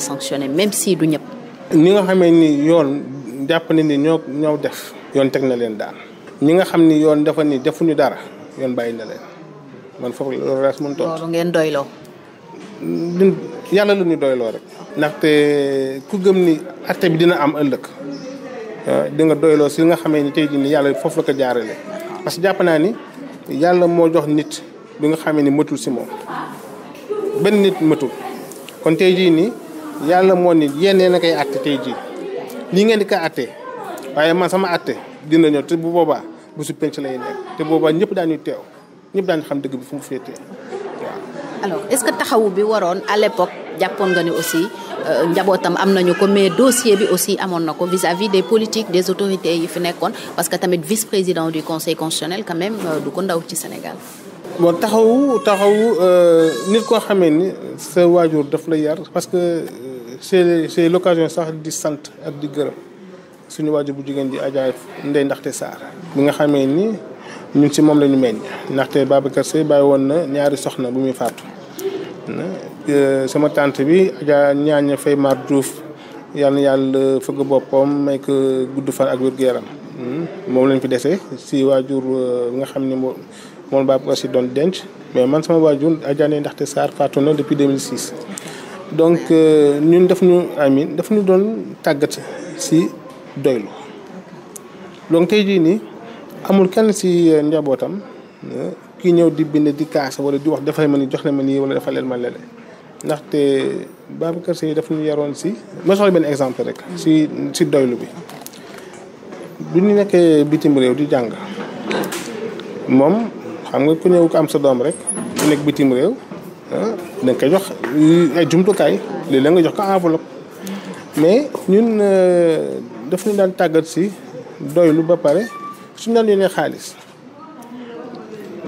même si du ñëpp. ñi nga xamee ni yoon jàpp na ni ñoo ñoow def. yoon teg na leen daan. ñi nga xam ni yoon dafa ni defuñu dara yoon bàyyi na leen man foofu loolu rek mën tontu. loolu ngeen doyloo. yàlla la ñu doyloo rek. ndaxte ku gëm ni atte bi dina am ëllëg di nga doyloo si li nga xamee ni tey jii nii yàlla foofu jaarale parce que jàpp ni yàlla moo jox nit bi nga xamee ni matul si moom benn nit matul kon tey jii nii yàlla moo ni yéen yéen a koy atte jii lii ngeen di ko atte waaye man sama atte dina ñëw te bu boobaa bu su penc lay nekk te boobaa ñëpp ñu teew ñëpp daañu xam dëgg fu mu féetee waaw. alors que taxawu bi waroon à l'époque jàppoon nga ne aussi euh, njabootam am nañu ko mais dossier bi aussi amoon na ko vis-à-vis des politiques des autorités yi fi nekkoon parce que tamit vice-président du conseil constitutionnel quand même euh, du ko ndaw ci Sénégal. bon taxawu taxawu euh, nit koo xamee ni sa waajur daf la yar parce que c'est c'est l'occasion sax di sant ak di gërëm suñu waajur bu jigéen ji Adja Ndeye Ndaxte Sarr. bi nga xamee ni ñun ci moom la ñu meññ. ndaxte Babacar Seye bàyyi woon na ñaari soxna bu muy faatu. Euh, sama tànt bi Adja Ñaaña Fay Mar Diouf yal na yàlla fëgg ko gudd fan ak wér yaram hmm? moom lañ fi dese si waajur euh, nga xam ni moom moom baa ko si doon denc mais man sama waajur Adja ne ndaxte Sarr faatu na depuis 2006. donc euh, ñun def ñu amin daf ñu doon tàggat si doylu donc tey jii nii amul kenn si njabootam ki ñëw di bind di kaas wala di wax defal ma ni jox na ma nii wala defal leen ma lele ndaxte Babacar Sy daf ñu yaroon si ma soxla benn exemple rek si si doylu bi bu ñu nekkee bitim réew di jàng moom xam nga ku ñëw ko am sa doom rek ku nekk bitim réew ah, danga koy jox ay jumtukaay léeg la nga jox ko enveloppe mais ñun euh, daf ñu daan tàggat si doylu ba pare suñu daan yónnee xaalis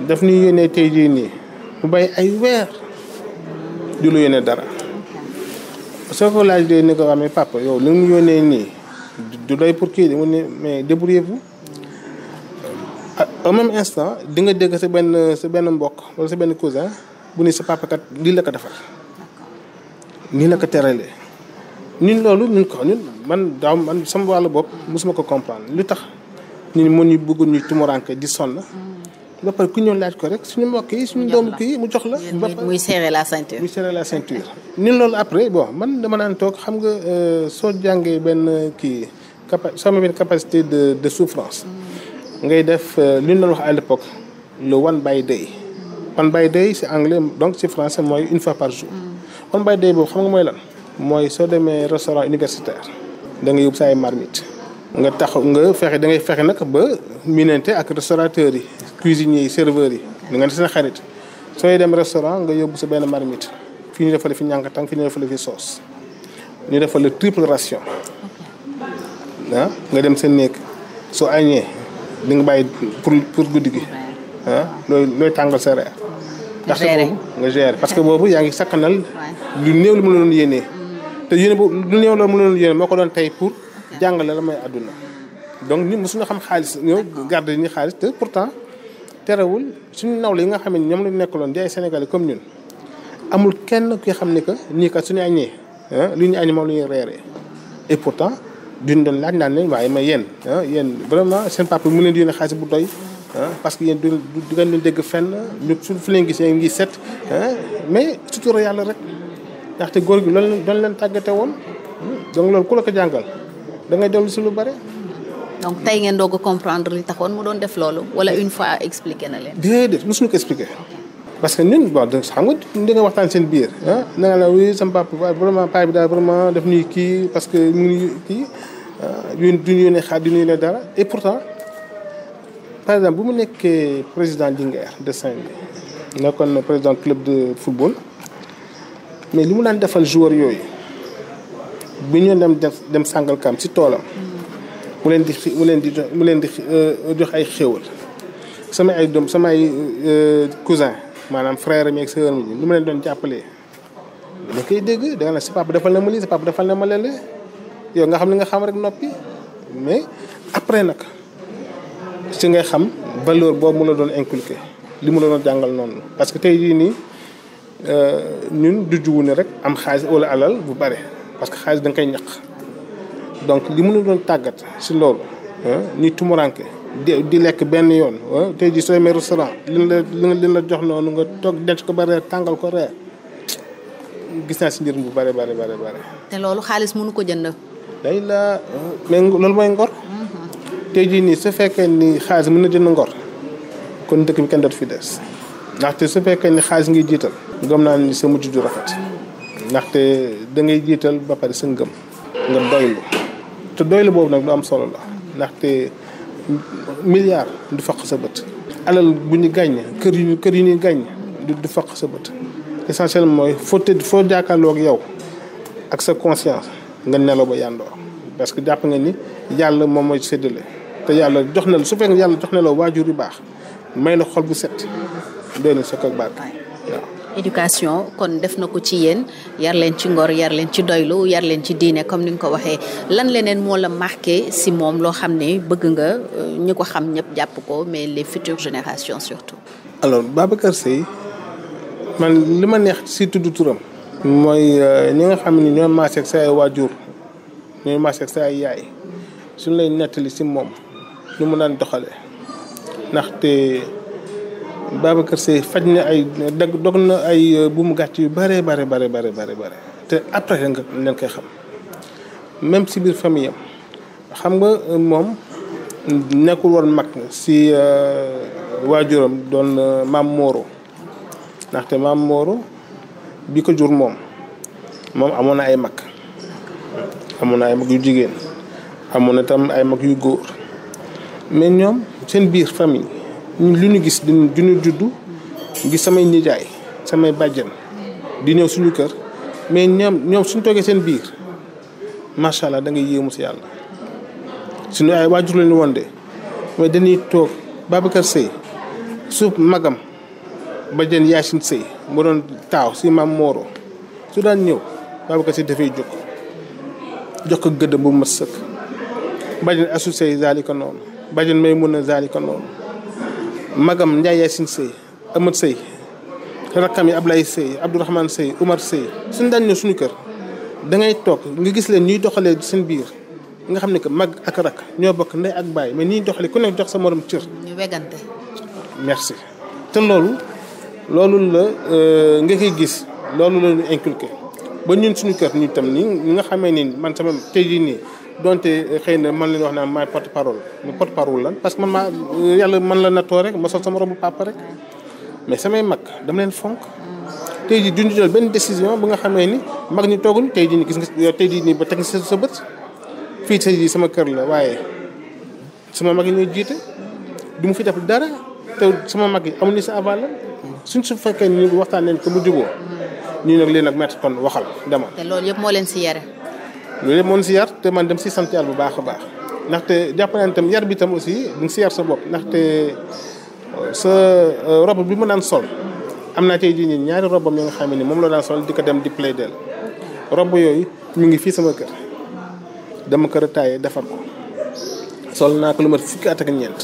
daf ñuy yónnee tey jii nii mu bàyyi ay weer du la yónnee dara soo ko laaj dee ni ko amee ah, papa yow li mu yónnee nii du doy pour kii di mu ne mais débrouillez-vous euh, au même instant di nga dégg sa benn sa benn mbokk wala sa benn cousin bu ni sa papa kat lii la ko defal nii la ko teralee ñun loolu ñun ko ñun man daaw man sama wàllu bopp mosuma ko comprendre lu tax ñun mun ñu bëggoon ñu tumuranke di sonn mm. ba pare ku ñëw laaj ko rek suñu mbokk yi suñu doom kii mu jox la. ba pare muy serrer la ceinture. muy serrer la ceinture. ni loolu après bon man dama naan toog xam nga euh, soo jàngee benn kii capa soo amee benn capacité de de souffrance. Mm. ngay def euh, li ñu doon wax à l'époque le one by day. one by day c'est anglais donc c'est français mooy une fois par jour. Mm. one by day boobu xam nga mooy lan. mooy soo demee restaurant universitaire. da nga yóbbu sa ay marmite. nga tax nga fexe da ngay fexe nag ba minante ak restaurateurs yi cuisiniers yi serveurs yi da nga ne seen xarit sooy dem restaurant nga yóbbu sa benn marmite fii ñu defale fi ñànkatang fii ñu defale fi sauce ñu defale triple ration ah nga dem seen néeg soo añee di nga bàyyi pour pour guddi gi ah looy looy tàngal sa reer ndax nga gérer parce que boobu yaa ngi sakkanal lu néew lu mu la doon yéenee mm. te yéene boobu lu néew la mu la doon yéenee moo ko doon tey pour jàngale la may àdduna donc ñun suñu xam xaalis ñoo garder ni xaalis te pourtant terewul suñu nawle yi nga xam ne ñoom lañu nekkaloon di ay sénégalais comme ñun amul kenn ki xam ne que nii kat suñu añee ah, li ñu añ moom la ñuy reeree et pourtant duñ doon laaj naa leen waaye ma yéen ah, yéen vraiment seen papa mu leen di yónnee xaalis bu doy ah, parce que yéen du du ngeen leen dégg fenn ñu su fi leen gisee ngi set mais surtout yàlla rek ndaxte góor gi loolu doon leen tàggate woon hmm, donc loolu ku jàngal da ngay dellu si lu bare. donc tey ngeen doog a comprendre li taxoon mu doon def loolu wala une fois expliqué na leen. déedéet mosuñu ko expliqué. parce que ñun bon xam nga da nga waxtaan seen biir ah na nga la oui sama papa waaye vraiment paa vraiment daf ñuy kii parce que mu ngi kii yoon ah, du ñu ne xaar du ñu ne dara et pourtant par exemple bu mu nekkee président Linguère de Saint-Louis nekkoon président club de football mais li mu daan defal joueur yooyu. bi ñu dem dem Sàngalkam si toolam mu leen di mu leen di mu leen di jox ay xéewal sama ay doom sama ay euh, cousin maanaam frère mi ak sœur mi ñu ma leen doon jàppalee da dégg da nga ne sa defal na ma lii sa defal na ma lele yow nga xam li nga xam rek noppi mais après nag si ngay xam valeur boobu mu la doon inculqué li mu la doon jàngal noonu parce que tey jii nii euh, ñun jujjuwu ne rek am xaalis wala alal bu bare parce que xaalis da nga koy ñaq donc li mu la doon tàggat si loolu ni tumuranke di lekk benn yoon tey ji sooy may restaurant li la li la jox noonu nga toog denc ko ba reer tàngal ko reer gis naa si njëriñ bu bare bare bare bare te loolu xaalis mënu ko jënd day la mais loolu mooy ngor mm-hmm. tey jii nii su fekkee ni xaalis mën na jënd ngor kon dëkk bi kenn dootu fi des ndaxte su fekkee ni xaalis ngi jiital gëm naa ni sa mujj ju rafet ndaxte da ngay jiital ba pare sa ngëm nga doylu te doylu boobu nag lu am solo la ndaxte milliard du faq sa bët alal bu ñu gàññ kër yu kër yu ñuy gàññ du du faq sa bët essentiel mooy foo tëdd foo jàkkaarloog yow ak sa conscience nga nelaw ba yàndoor parce que jàpp nga ni yàlla moom mooy séddale te yàlla jox na su fekkee yàlla jox na la waajur yu baax may la xol bu set doy na sa ko barke waaw éducation kon def na ko ci yéen yar leen ci ngor yar leen ci doylu yar leen ci diine comme ni nga ko waxee lan leneen moo la marqué si moom loo xam ne bëgg nga euh, ñi ko xam ñëpp jàpp ko mais les futures génération surtout. alors Babacar Seye man li ma neex si tudd turam. mooy euh, ñi nga xam ni ñooy maase ak sa ay waajur ñooy maase ak sa ay yaay suñ lay nettali si moom ñu mu daan doxalee ndaxte. Babacar Seye faj na ay dagg dog na ay euh, buumu gàtt yu bare bare bare bare bare bare te après nga leen koy xam même si biir famille am xam nga euh, moom nekkul woon mag si euh, waajuram doon maam Mooro ndaxte maam Mooro bi ko jur moom moom amoon na ay mag amoon na ay mag yu jigéen amoon na tam ay mag yu góor mais ñoom seen biir famille ñun lu ñu gis dinañ juddu gis samay nijaay samay bàjjan di ñëw suñu kër mais ñoom ñoom suñu toogee seen biir macha allah dangay ngay yéemu si yàlla suñu ay waajur lañu woon de mais dañuy toog Babacar Seye suuf magam bàjjan Yacine Seye ma doon taaw si maam Mooro su daan ñëw Babacar Seye dafay jóg jox ko gëdd bu ma sëkk bàjjan associé zalika noonu bàjjan may mun a zalika noonu magam Ndiaye Yacine Seye Amath Seye rakkam yi Ablaye Seye Abdourahmane Seye Oumar Seye suñ daan ñëw suñu kër da ngay toog nga gis leen ñuy doxalee seen biir nga xam ne que mag ak rakk ñoo bokk ndey ak baay mais ni ñuy doxalee ku nekk jox sa morom cër. ñu wegante. merci te loolu loolu la euh, nga koy gis loolu la ñu inculqué ba ñun suñu kër ñu tam nii nga xamee ni man sama tey jii nii. donte xëy na man la wax naa maay porte parole mais porte parole lan parce que man maa yàlla man la nattoo rek ma sol sama robu papa rek mais samay mag dama leen fonk. tey jii duñu jël benn décision bu nga xamee ni mag ñi tooguñu tey jii gis nga tey jii nii ba teg sa sa bët fii tey jii sama kër la waaye sama mag yi ñuy jiite du mu fi def dara te sama mag yi amuñu sa aval la suñ su fekkee ni waxtaan nañ ko bu juboo ñu nag leen nag mettre kon waxal demal. te loolu yëpp moo leen si yare loolu moon si yar te man dem si sant bu baax a baax ndaxte jàpp naa itam yar bi tam aussi du si yar sa bopp ndaxte euh, sa euh, robe bi mu daan sol am naa tey jii nii ñaari robam yi nga xam ne moom la daan sol di ko dem di plaidel robe yooyu mu ngi fii sama kër dama ko retaillé defar ko sol naa ko lu ma fukki at ak ñeent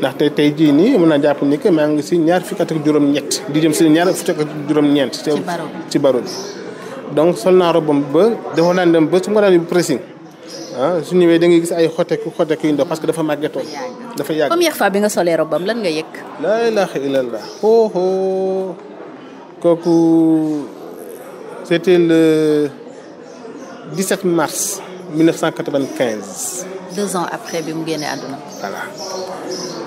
ndaxte tey jii nii mën naa jàpp ni que maa ngi si ñaar fukki ak juróom-ñett di jëm si ñaar fukki at ak ci baro bi donc sol naa robam ba defoon naa dem ba su ma daan yóbbu pressing ah su ñëwee da ngay gis ay xoteeku xoteeku yu ndaw parce que dafa màggetoon. dafa yàgg première fois bi nga solee robam lan nga yëg. laa ilaaha illallaah xooxoo kooku c'était le 17 mars 1995. deux ans après bi mu génnee àdduna. voilà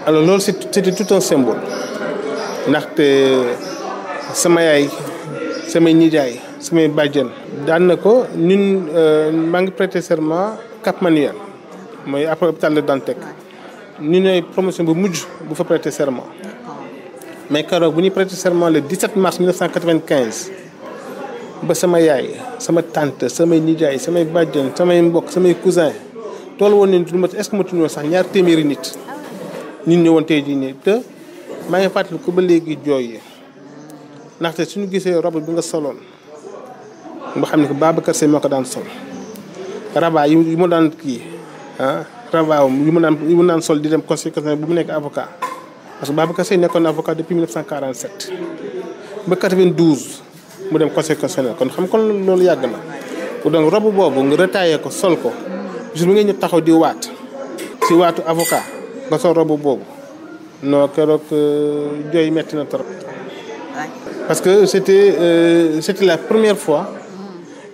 alors loolu c'était tout un symbole ndaxte sama yaay sama nijaay. sumay bàjjen daan na ko ñun euh, maa ngi prêter serment Cap Manuel mooy après hôpital de Dantec ñu ne promotion bu mujj bu fa prêter serment mais keroog bu ñuy prêter serment le 17 mars 1995 ba sama yaay sama tant samay nijaay samay bàjjan samay mbokk samay cousin tool woon nañu du ma est-ce sax ñaari téeméeri nit ñun ñëwoon tey jii nii te maa ngi fàttaliku ba léegi jooy yi ndaxte suñu gisee robe bi nga soloon. nga xam ne que Babacar moo ko daan sol rabaa yi mu daan kii ah rabaa yi mu daan yi mu daan sol di dem conseil bu mu nekk avocat parce que Babacar Seye nekkoon avocat depuis 1947 ba 92 mu dem conseil constitutionnel kon xam kon loolu yàgg na donc robu boobu nga retaillé ko sol ko jour bi nga ñu taxaw di waat si waatu avocat nga sol robu boobu non keroog euh, jooy metti na trop. parce que c'était euh, c'était la première fois.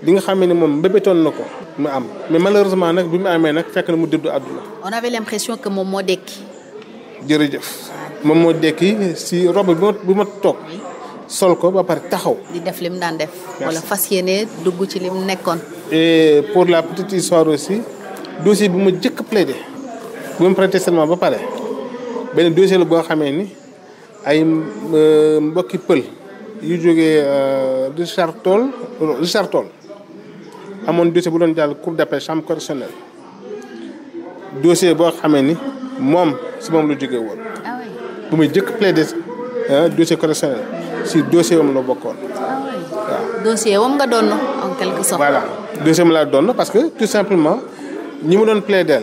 li nga xam ne moom mbébétoon na ko mu am mais malheureusement nag bi mu amee nag fekk na mu dëddu àdduna. on avait l'impression que moom moo dekki. jërëjëf moom moo dekki si robe bi ma toog. sol ko ba pare taxaw. di def lim daan def. wala fas yéene dugg ci lim nekkoon. et pour la petite histoire aussi dossier bi ma jëkk plaidé bu ma prêté seulement ba pare benn dossier la boo xamee ni ay euh, mbokki pël yu jógee euh, Richard Toll Richard Toll amoon dossier bu doon jàll cour d'appel chambre correctionnelle dossier boo xamee ni moom si moom lu jógee woon. Ah bu muy jëkk plaider dossier correctionnel si dossier wam la bokkoon. Ah waaw dossier wam nga doon en quelque sorte. laa doon parce que tout simplement ñi mu doon plaider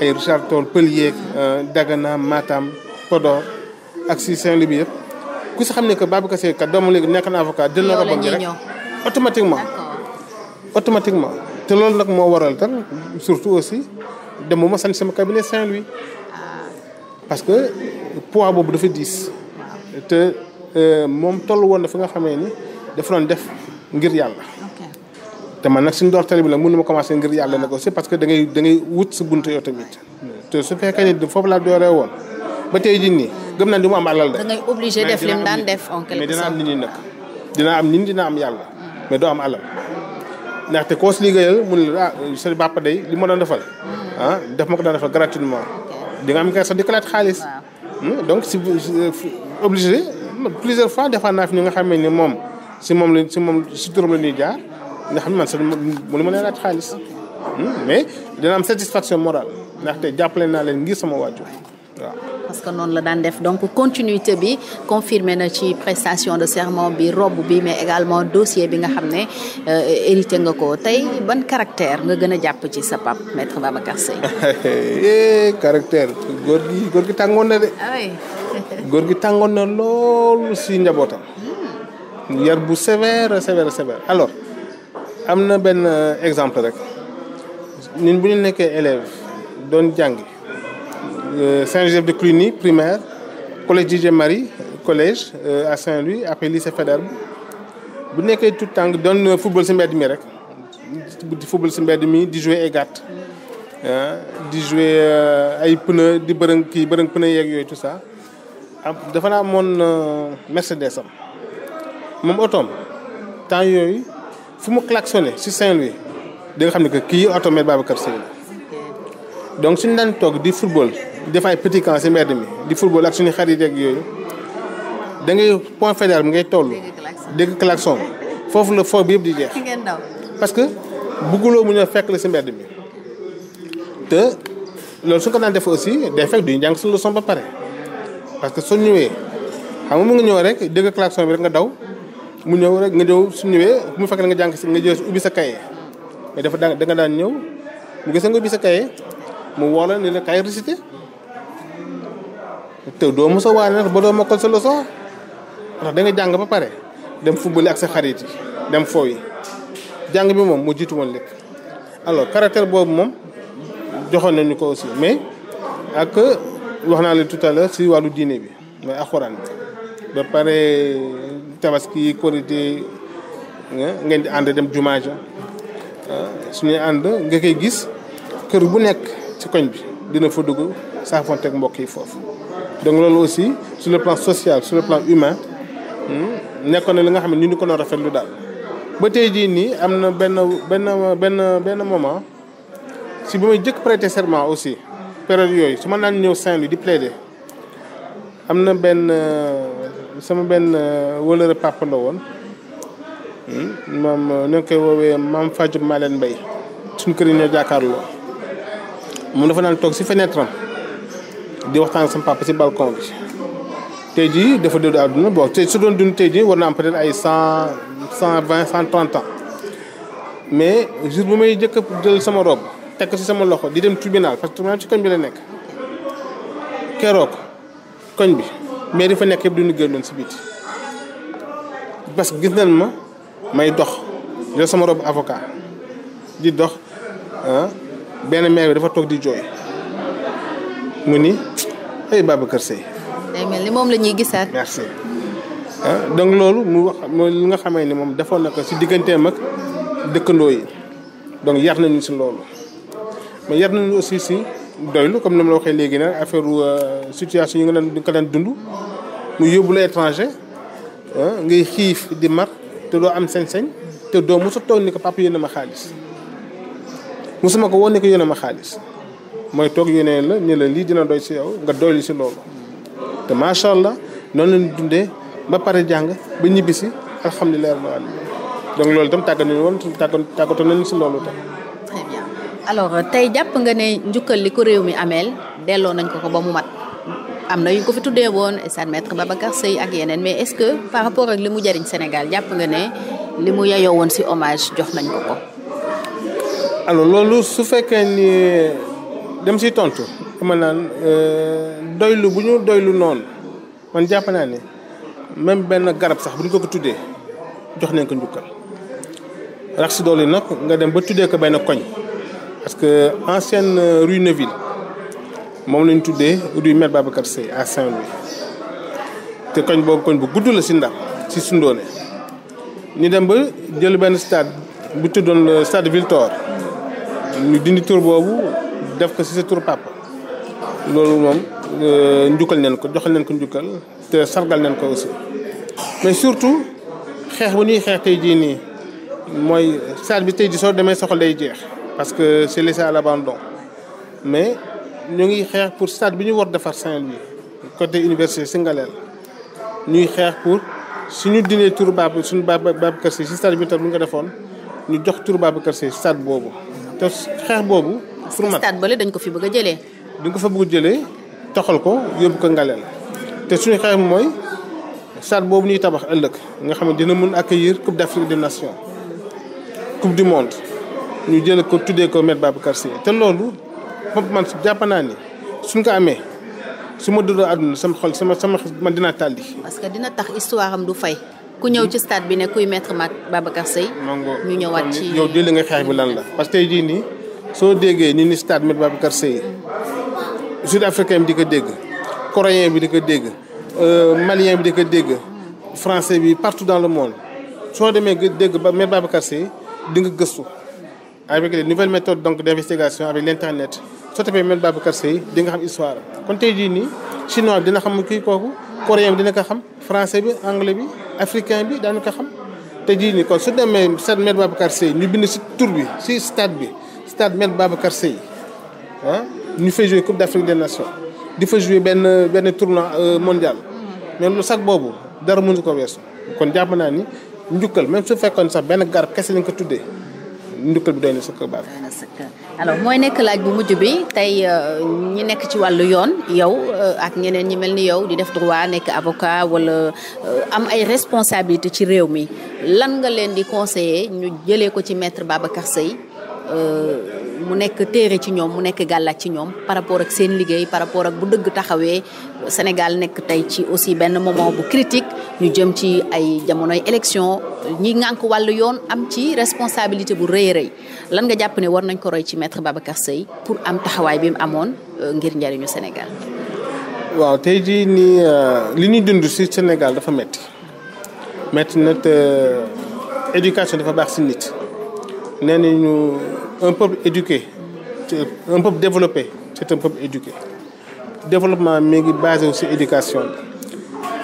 ay Richard Toll Pellier Dagana Matam Podor ak si Saint-Louis ku si xam ne que Babacar Seye kat doomu léegi nekk na avocat. dina na bëgg rek automatiquement. automatiquement te loolu nag moo waral tax surtout aussi demuma sañ sama ne Saint-Louis parce que poids boobu dafa diis te euh, moom tol woon na fi nga xamee ni def doon def ngir yàlla te man nag suñu doorteel bi nag mënu ma commencé ngir yàlla nag aussi parce que da ngay da ngay wut sa buntu yow tamit te su fekkee ni foofu laa dooree woon ba tey jii nii gëm naa ni du mu am alal de. da ngay obligé def lim daan def en quelque sorte mais dina am nit dina am yàlla mais doo ndaxte koo si liggéeyal mu ne la ah sa bàpp day li ma doon defal ah def ma ko daan defal gratuitement di nga am kersa di ko laaj xaalis hmm, donc si obligé plusieurs fois defaan naa fi ñu nga xam ne moom si moom la si moom si turam la ñuy jaar nga xam ne man sa mënu ma leen laaj xaalis hmm, mais dina am satisfaction morale ndaxte jàppale naa leen ngir sama waajur waaw parce que noonu la daan def donc continuité bi confirmé na ci prestation de serment bi rob bi mais également dossier bi nga xam ne euh, hérité nga ko tey ban caractère nga gën a jàpp ci sa pap maître Babacar Seye. Eh, caractère góor gi tàngoon na de. Ah góor gi tàngoon na lool si njabootam. Hmm. yar bu sévère sévère sévère alors am na benn euh, exemple rek ñun bu ñu nekkee élève doon jàngi. Euh, Saint-Joseph de Cluny primaire collège Didier Marie collège euh, à Saint-Louis après lycée Faidherbe bu nekkee tout tànk don football si mbedd mi rek di football si mbedd mi di jouer égat ah, di jouer euh, ay pneu di bërëng kii bërëng pneu yeeg yooyu tout ça am dafa naa moon Mercedes am moom otoom temps yooyu fu mu klaxonné si Saint-Louis di nga xam ne que kii oto Me Babacar Sèye donc suñu daan toog di football di fay petit camp si mbedd mi di football ak suñu xarit yeeg yooyu da ngay point fédéral bi ngay toll. dégg klaxon foofu la foofu bi yëpp di jeex. parce que bugguloo mu ñëw fekk la si mbedd mi te loolu su ko daan def aussi day fekk duñu jàng suñu leçon ba pare parce que soo ñëwee xam nga mu ngi ñëw rek dégg klaxon bi rek nga daw. mu ñëw rek nga jëw su ñëwee bu mu fekk nga jàng si nga jël ubbi sa kaye may dafa daan da nga daan ñëw mu gis nga ubbi sa kaye mu woo la ne la kaye te doo mos waa waane nag ba doo sa leçon ndax jàng ba pare dem football ak sa xarit yi dem foo yi jàng bi moom moo jiitu woon lépp alors caractère boobu moom joxoon nañu ko aussi mais ak wax naa la tout si wàllu diine bi mais alxuraan bi ba pare tabaski korité ngeen di ànd dem jumaa ja ah suñuy ànd nga koy gis kër bu nekk ci koñ bi dina fa dugg saafonteeg mbokk yi foofu donc loolu aussi su le plan social sur le plan humain hmm, nekkoon na li nga xam ne ñu ni ko doon rafetlu daal. ba tey jii nii am na benn benn benn moment si bi may jëkk prêter serment aussi période yooyu su ma naan ñëw Saint-Louis di plaider am na benn euh, sama benn euh, wëlëre papa woon hmm, moom euh, na koy woowee maam Fadio Malen Mbaye suñu kër yi ñoo jàkkaarloo mu dafa naan toog si fenêtre di waxtaan ak sama papa si balcon bi tey jii dafa dëddu àdduna boo tey su doon dund tey jii war na am peut ay cent cent vingt cent trente ans mais jour bu may jëkk jël sama robe teg ko sama loxo di dem tribunal parce que tribunal ci koñ bi la nekk keroog koñ bi mais dafa nekk yëpp duñu génnoon si biti parce gis nañ ma may dox jël sama robe avocat di dox ah, benn maire bi dafa toog di jooy. mu ni ay Babacar Seye. day moom la ñuy gisaat. merci ah donc loolu mu wax li nga xamee ni moom defoon na ko si digganteem ak dëkkandoo yi donc yar nañu si loolu ma yar nañu aussi si doylu comme ni la waxee léegi nag affaire euh, situation yi nga leen di ko daan dund mu yóbbu la étranger ah, ngay xiif di mar te doo am sañ-sañ te doo mos a toog ni ko papa yónnee ma xaalis mosuma ko woon ne ko yónnee ma xaalis. mooy toog yónnee la ni lii dina doy si yow nga doylu si loolu te macha allah noonu lañu dundee ba pare jàng ba ñibbi si alhamdulilah rabbil alamin donc loolu itam tàggat nañu woon tàggat tàggatu nañu si loolu tam. très tey jàpp nga ne njukkal li ko réew mi ameel delloo nañ ko ko ba mu mat am na yu ko fi tuddee woon Stade Maître Babacar Sèye ak yeneen mais est-ce que par rapport ak li mu jariñ Sénégal jàpp nga ne li mu yayoo woon si hommage jox nañ ko ko. alors loolu su fekkee ni. dem si tontu dama naan euh, doylu bu ñu doylu noonu man jàpp naa ne même benn garab sax bu ñu ko ko tuddee jox nañ ko njukkal. rax si doole nag nga dem ba tuddee ko benn koñ parce que ancienne euh, rue Neuville moom lañu tuddee rue Maître Babacar Sèye à Saint-Louis te koñ boobu koñ bu gudd la si ndax si sundoone ñu dem ba jël benn stade bu tuddoon euh, stade Ville Thor ñu dindi tur boobu. def ko si sa turu papa loolu moom euh, njukkal neen ko joxal neen ko njukkal te sargal neen ko aussi mais surtout xeex bu ñuy xeex tey jii nii mooy saal bi tey ji soo demee soxal day jeex parce que c'est laissé à l'abandon mais ñu ngi xeex pour stade bi ñu war defar Saint-Louis côté université Singaleel ñuy xeex pour suñu dinee tur baab suñu baab Babacar Sy si stade bi nga defoon ñu jox tur Babacar Sy stade boobu te xeex boobu pour man stade bële dañ ko fi bëgg a jëlee. dañ ko fa bëgg a jëlee toxal ko yóbbu ko ngaleel te suñu xeex mooy stade boobu ñuy tabax ëllëg nga xam ne dina mun accueillir coupe d' afrique des nations coupe du monde ñu jël ko tuddee ko Me Babacar Sy te loolu man jàpp naa ni suñ ko amee. su ma dundoo àdduna sama xol sama sama man dinaa tàlli. parce que dina tax histoire am du fay. ku ñëw ci stade bi ne kuy maître Babacar Sey. ñu ñëwaat ci yow di li nga xeex lan la. soo déggee ni ni stade Me Babacar Sèye sud africain bi di ko dégg coréen bi di ko dégg euh, malien bi di ko dégg français bi partout dans le monde soo demee dégg ba Me Babacar Sèye di nga gëstu avec les nouvelles méthodes donc d' investigation avec l' internet soo tapee Me Babacar Sèye di nga xam histoire kon tey jii nii chinois bi dina xam kii kooku coréen bi dina ko xam français bi anglais bi africain bi daanu ko xam te jii nii kon su demee stade Me Babacar Sèye ñu bind si tur bi si stade bi stade Me Babacar Sèye ah ñu fay jouer coupe d'Afrique des nations di fa jouer benn benn tournoi euh, mondial mm. mais lu sax boobu dara mënu ko weesu kon jàpp naa ni njukkal même su fekkoon sax benn garab kese lañ ko tuddee njukkal bi doy na sëkk baax alors mooy nekk laaj bu mujj bi tey euh, ñi nekk ci wàllu yoon yow euh, ak ñeneen ñi mel ni yow di def droit nekk avocat wala am ay responsabilité ci réew mi lan nga leen di conseiller ñu jëlee ko ci mettre Babacar Sèye mu nekk téere ci ñoom mu nekk gàllaaj ci ñoom par rapport ak seen liggéey par rapport ak bu dëgg taxawee Sénégal nekk tey ci aussi benn moment bu critique ñu jëm ci ay jamonoy élection ñi ngànk wàllu yoon am ci responsabilité bu rëy rëy lan nga jàpp ne war nañ ko roy ci maître Babacar Seye pour am taxawaay bi mu amoon euh, ngir njariñu Sénégal. waaw tey jii nii euh, li ñuy dund ci Sénégal dafa metti metti na euh, éducation dafa baax ci nit. nee nañu un peuple éduqué un peuple développé c'est un peuple éduqué développement mi ngi basé si éducation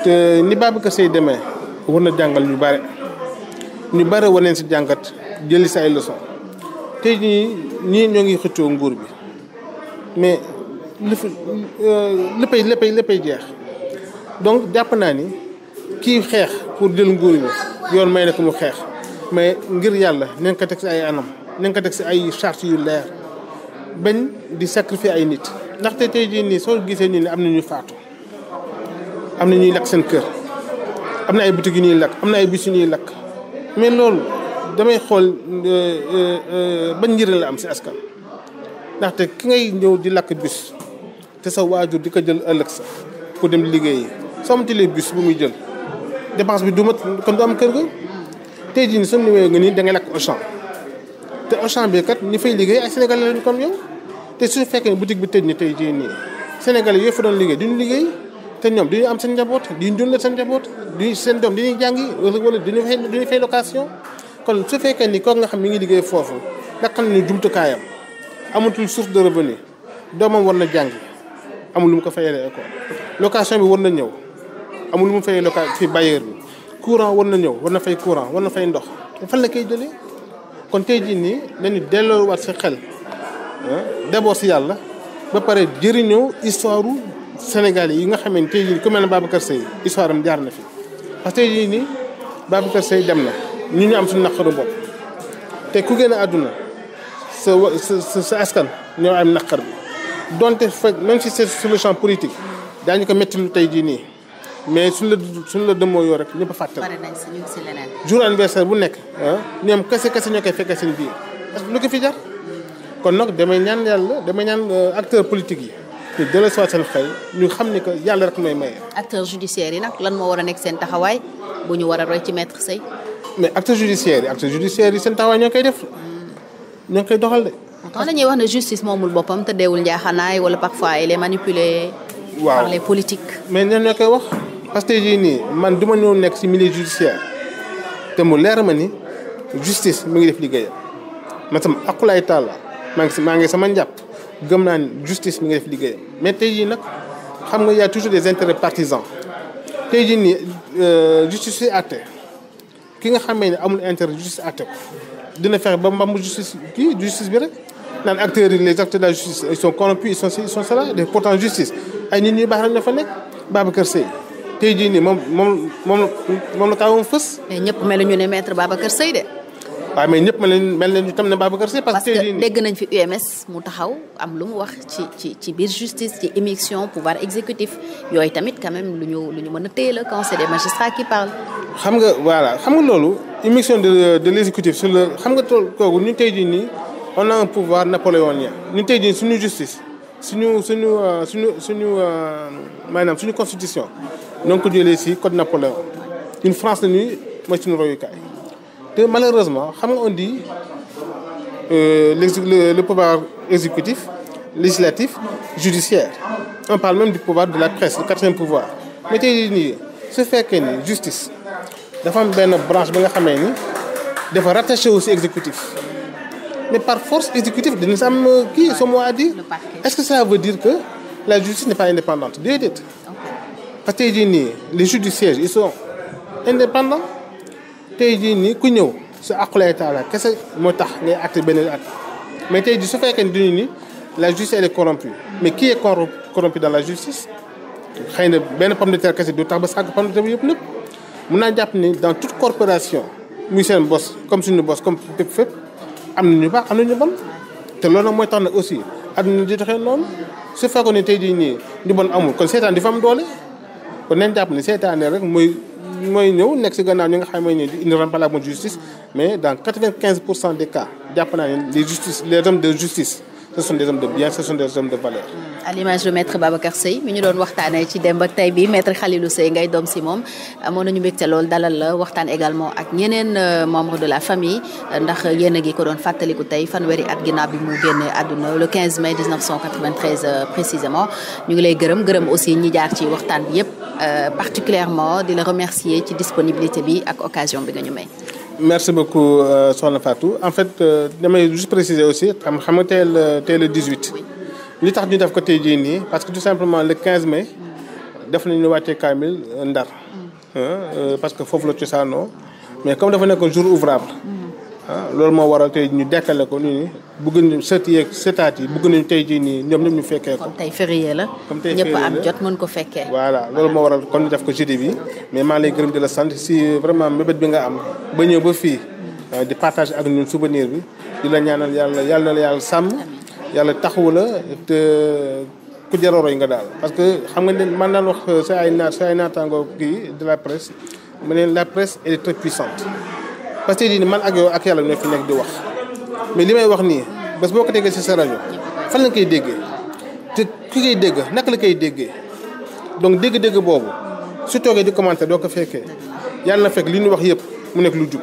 te ni Babacar Seye demee war na jàngal ñu bare ñu bare war nañ si jàngat jëli sa ay leçon te ñii ñii ñoo ngi xëccoo nguur bi mais li fi euh, léppay léppay léppay jeex donc jàpp naa ni kii xeex pour jël nguur bi yoon may na ko mu xeex mais ngir yàlla na ko teg si ay anam na nga ko teg si ay chartes yu leer bañ di sacrifier ay nit. ndaxte tey jii nii soo gisee nii ne am na ñuy faatu am na ñuy lakk seen kër am na ay boutique yu ñuy lakk am na ay bis yu ñuy lakk mais loolu damay xool euh, euh, euh, ban njëriñ la am si askan. ndaxte ki ngay ñëw di lakk bis te sa waajur di ko jël ëllëg sa pour dem liggéeyi soo amatilee bis bu muy jël dépense bi du kon du am kër ga. tey jii nii suñu niveau nga nii da ngay lakk Auchan te Auchan bi kat ñi fay liggéey ay sénégalais lañ comme yow te su fekkee ne boutique bi tëj ni tey jii nii sénégalais yooyu fa doon liggéey duñu liggéey te ñoom duñu am seen njaboot duñu dundal seen njaboot duñu seen doom duñuy jàngi wala duñu fay duñu fay kon su fekkee ni kooku nga xam mi ngi liggéey foofu lakk ni jumtukaayam amatul source de revenu doomam war na jàngi amul lu mu ko fayalee école location bi war na ñëw amu lu fayee location fi bailleur bi courant war na ñëw war na fay courant war na fay ndox fan la koy jële kon tey jii nii nañu delloowaat sa xel ah, d'abord si yàlla ba pare jëriñoo histoire Sénégal yi nga xamante tey jii ku mel ne am jaar na fi parce que tey jii nii Babacar Seye dem na ñu ñu am suñu naqaru bopp te ku génn àdduna sa sa sa askan ñoo am naqar bi donte fekk même si c'est sur le champ politique daañu ko métti lu tey jii nii. mais suñ la suñ la dëmmoo yoo rek ñëpp a fàttal. si ñu si leneen. jour anniversaire bu nekk ah ñoom kese kese ñoo koy fekkee seen biir est-ce que lu ko fi jar. kon nag damay ñaan yàlla damay ñaan euh, acteur politique yi. ñu dellu si waat seen xam ni que yàlla rek mooy maye. acteur judiciaire yi nag lan moo war a nekk seen taxawaay bu ñu war a roy ci maître Seye. mais acteur judiciaire yi acteur judiciaire yi ñoo koy def ñoo ngi koy doxal de. kon dañuy wax ne justice moomul boppam te deewul njaaxanaay wala parfois il est manipulé. waaw par les politiques. mais ñoo koy wax. parce que jii nii man du ma ñëw nekk ci milieu judiciaire te mu leer ma ni justice mu ngi def liggéeyam ma sama akulaay taal la maa ngi ci maa ngi sama njàpp gëm naa ni justice mi ngi def liggéeyam mais tey jii nag xam nga y toujours des intérêts partisans tey jii nii euh, justice suy àtte ki nga xamee ne amul intérêt justice àtte ko dina fexe ba mbambu justice kii justice bi rek naan acteurs yi les acteurs de la justice ils sont corrompus ils sont ci ils sont cela pourtant justice ay nit tey jii nii moom moom moom moom la kaawam fës. mais ñëpp mel ñu ne maître Babacar Seye de. waaw mais ñëpp mel nañu mel nañu tam ne Babacar Seye. parce que dégg nañ fi UMS mu taxaw am lu mu wax ci ci ci biir justice ci émission pouvoir exécutif yooyu tamit quand lu ñu lu ñu mën a téye la quand c'est des magistrats qui parlent. xam nga voilà xam nga loolu émission de de l'exécutif su la xam nga tool kooku ñu tey jii nii on a un pouvoir napoléonien ñu tey jii suñu justice. suñu suñu euh, suñu suñu euh, maanaam suñu constitution donc ko jëlee si code Napoléon une France la ñuy mooy suñu royukaay te malheureusement xam nga on dit euh, le le pouvoir exécutif législatif judiciaire on parle même du pouvoir de la presse le quatrième pouvoir mais tey jii nii su fekkee ni justice dafa am benn branche bi nga xamee ni dafa rattaché si exécutif mais par force exécutive dañu si sam euh, kii son mot à dire. est-ce que ça veut dire que la justice n'est pas indépendante déedéet. parce que tey jii nii les juges du siège ils sont indépendants tey jii nii ku ñëw sa àqu lay taala kese moo tax ngay acte beneen at mais tey jii su fekkee ne dañu ni la justice elle est corrompue mais qui est corrompu dans la justice xëy na benn pomme de terre kese du tax ba sànq pomme de terre yëpp lépp mun naa jàpp ni dans toute corporation muy bos comme suñu bos comme fépp fépp. am na ñu baax am na ñu bon te loolu nag mooy tax nag aussi àdduna di doxee noonu su fekkoon ne tey jii nii ñu bon amul kon seetaan di fa am doole kon nañ jàpp ne seetaane rek mooy mooy ñëw nekk si gannaaw ñi nga xam ne di indi remplacement justice mais dans quatre-vingt-quinze pour cent des cas jàpp naa ne les justice les hommes justice ce sont des hommes de bien ce sont des hommes de valeur. à l'image de maître ñu doon waxtaanee ci démb tey bi maître Khalilou Seye ngay doom si moom amoon nañu mbégte lool dalal la waxtaan également ak ñeneen euh, membre de la famille ndax yéen a ngi ko doon fàttaliku tey fanweeri at ginnaaw bi mu génne àdduna le 15 mai 1993 euh, précisément ñu ngi lay gërëm gërëm aussi ñi jaar ci waxtaan bi yëpp euh, particulièrement di la remercier ci disponibilité bi ak occasion bi nga ñu may. merci beaucoup euh, Soxna Fatou en fait euh, damay juste préciser aussi xam xam nga tey la tey le li tax ñu def ko té jii nii parce que tout simplement le 15 mai. def nañu wàccee kaamil Ndar. Mm. Ah, euh, parce que foofu la cosaanoo mais comme dafa nekk jour ouvrable. Mm. ah loolu moo waral tey ñu dekkale ko nii bëgg nañu sët yeeg sëtaat yi bëgg nañu tey jii nii ñoom ñoom ñu fekkee ko. comme tey férié comme tey férié la ñëpp am jot mën ko fekkee. voilà loolu moo waral kon def ko jeudi bi mais maa lay gërëm di la sant si vraiment mébét bi nga am ba ñëw ba fii ah, di partage ak ñun souvenir bi di la ñaanal yàlla yàlla na yàlla sàmm yàlla taxawu la te ku jaroroy nga daal. parce que xam nga ne man daan wax sa ay naat sa ay naataango kii de la presse mu ne la presse elle est très parce que tey jii man ak yow ak yàlla ñoo fi nekk di wax mais li may wax nii bas boo ko déggee si sa rajo fan la koy déggee te ki koy dégg naka la koy déggee donc dégg-dégg boobu su toogee di commenter doo ko fekkee yàlla na fekk li ñu wax yëpp mu nekk lu jub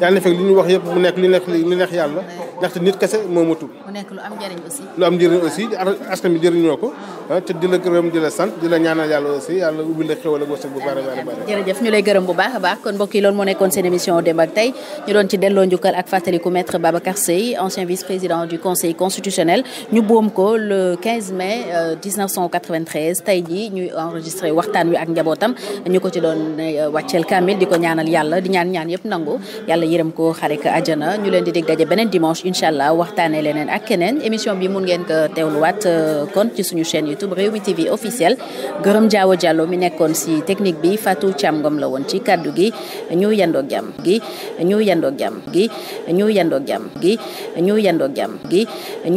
yàlla na fekk li ñu wax yëpp mu nekk li nekk li neex yàlla. ndaxte nit kese moo matul. mu nekk lu am njëriñ aussi. lu am njëriñ aussi askan bi jëriñoo ko. Ah, te di gërëm di sant di ñaanal yàlla aussi yàlla ubbi la xéwal ak wërsëg bu baax a baax. ñu lay gërëm bu baax a baax kon mbokk yi moo nekkoon seen émission démb ak tey ñu doon ci delloo njukkal ak fàttaliku maître Babacar Seye ancien vice président du conseil constitutionnel ñu boom ko le mai euh, tey jii ñuy enregistré waxtaan wi ak njabootam ñu ko ci doon euh, wàcceel kamil incha allah waxtaanee leneen ak keneen émission bi mun ngeen ko teewluwaat euh, kon ci suñu chaîne YouTube Rewmi TV officiel gërëm jaawo Diallo mi nekkoon si technique bi Fatou Thiam Ngom la woon ci kaddu gi ñu yendoo jàmm gi ñu yendoo jàmm gi ñu yendoo jàmm gi ñu yendoo jàmm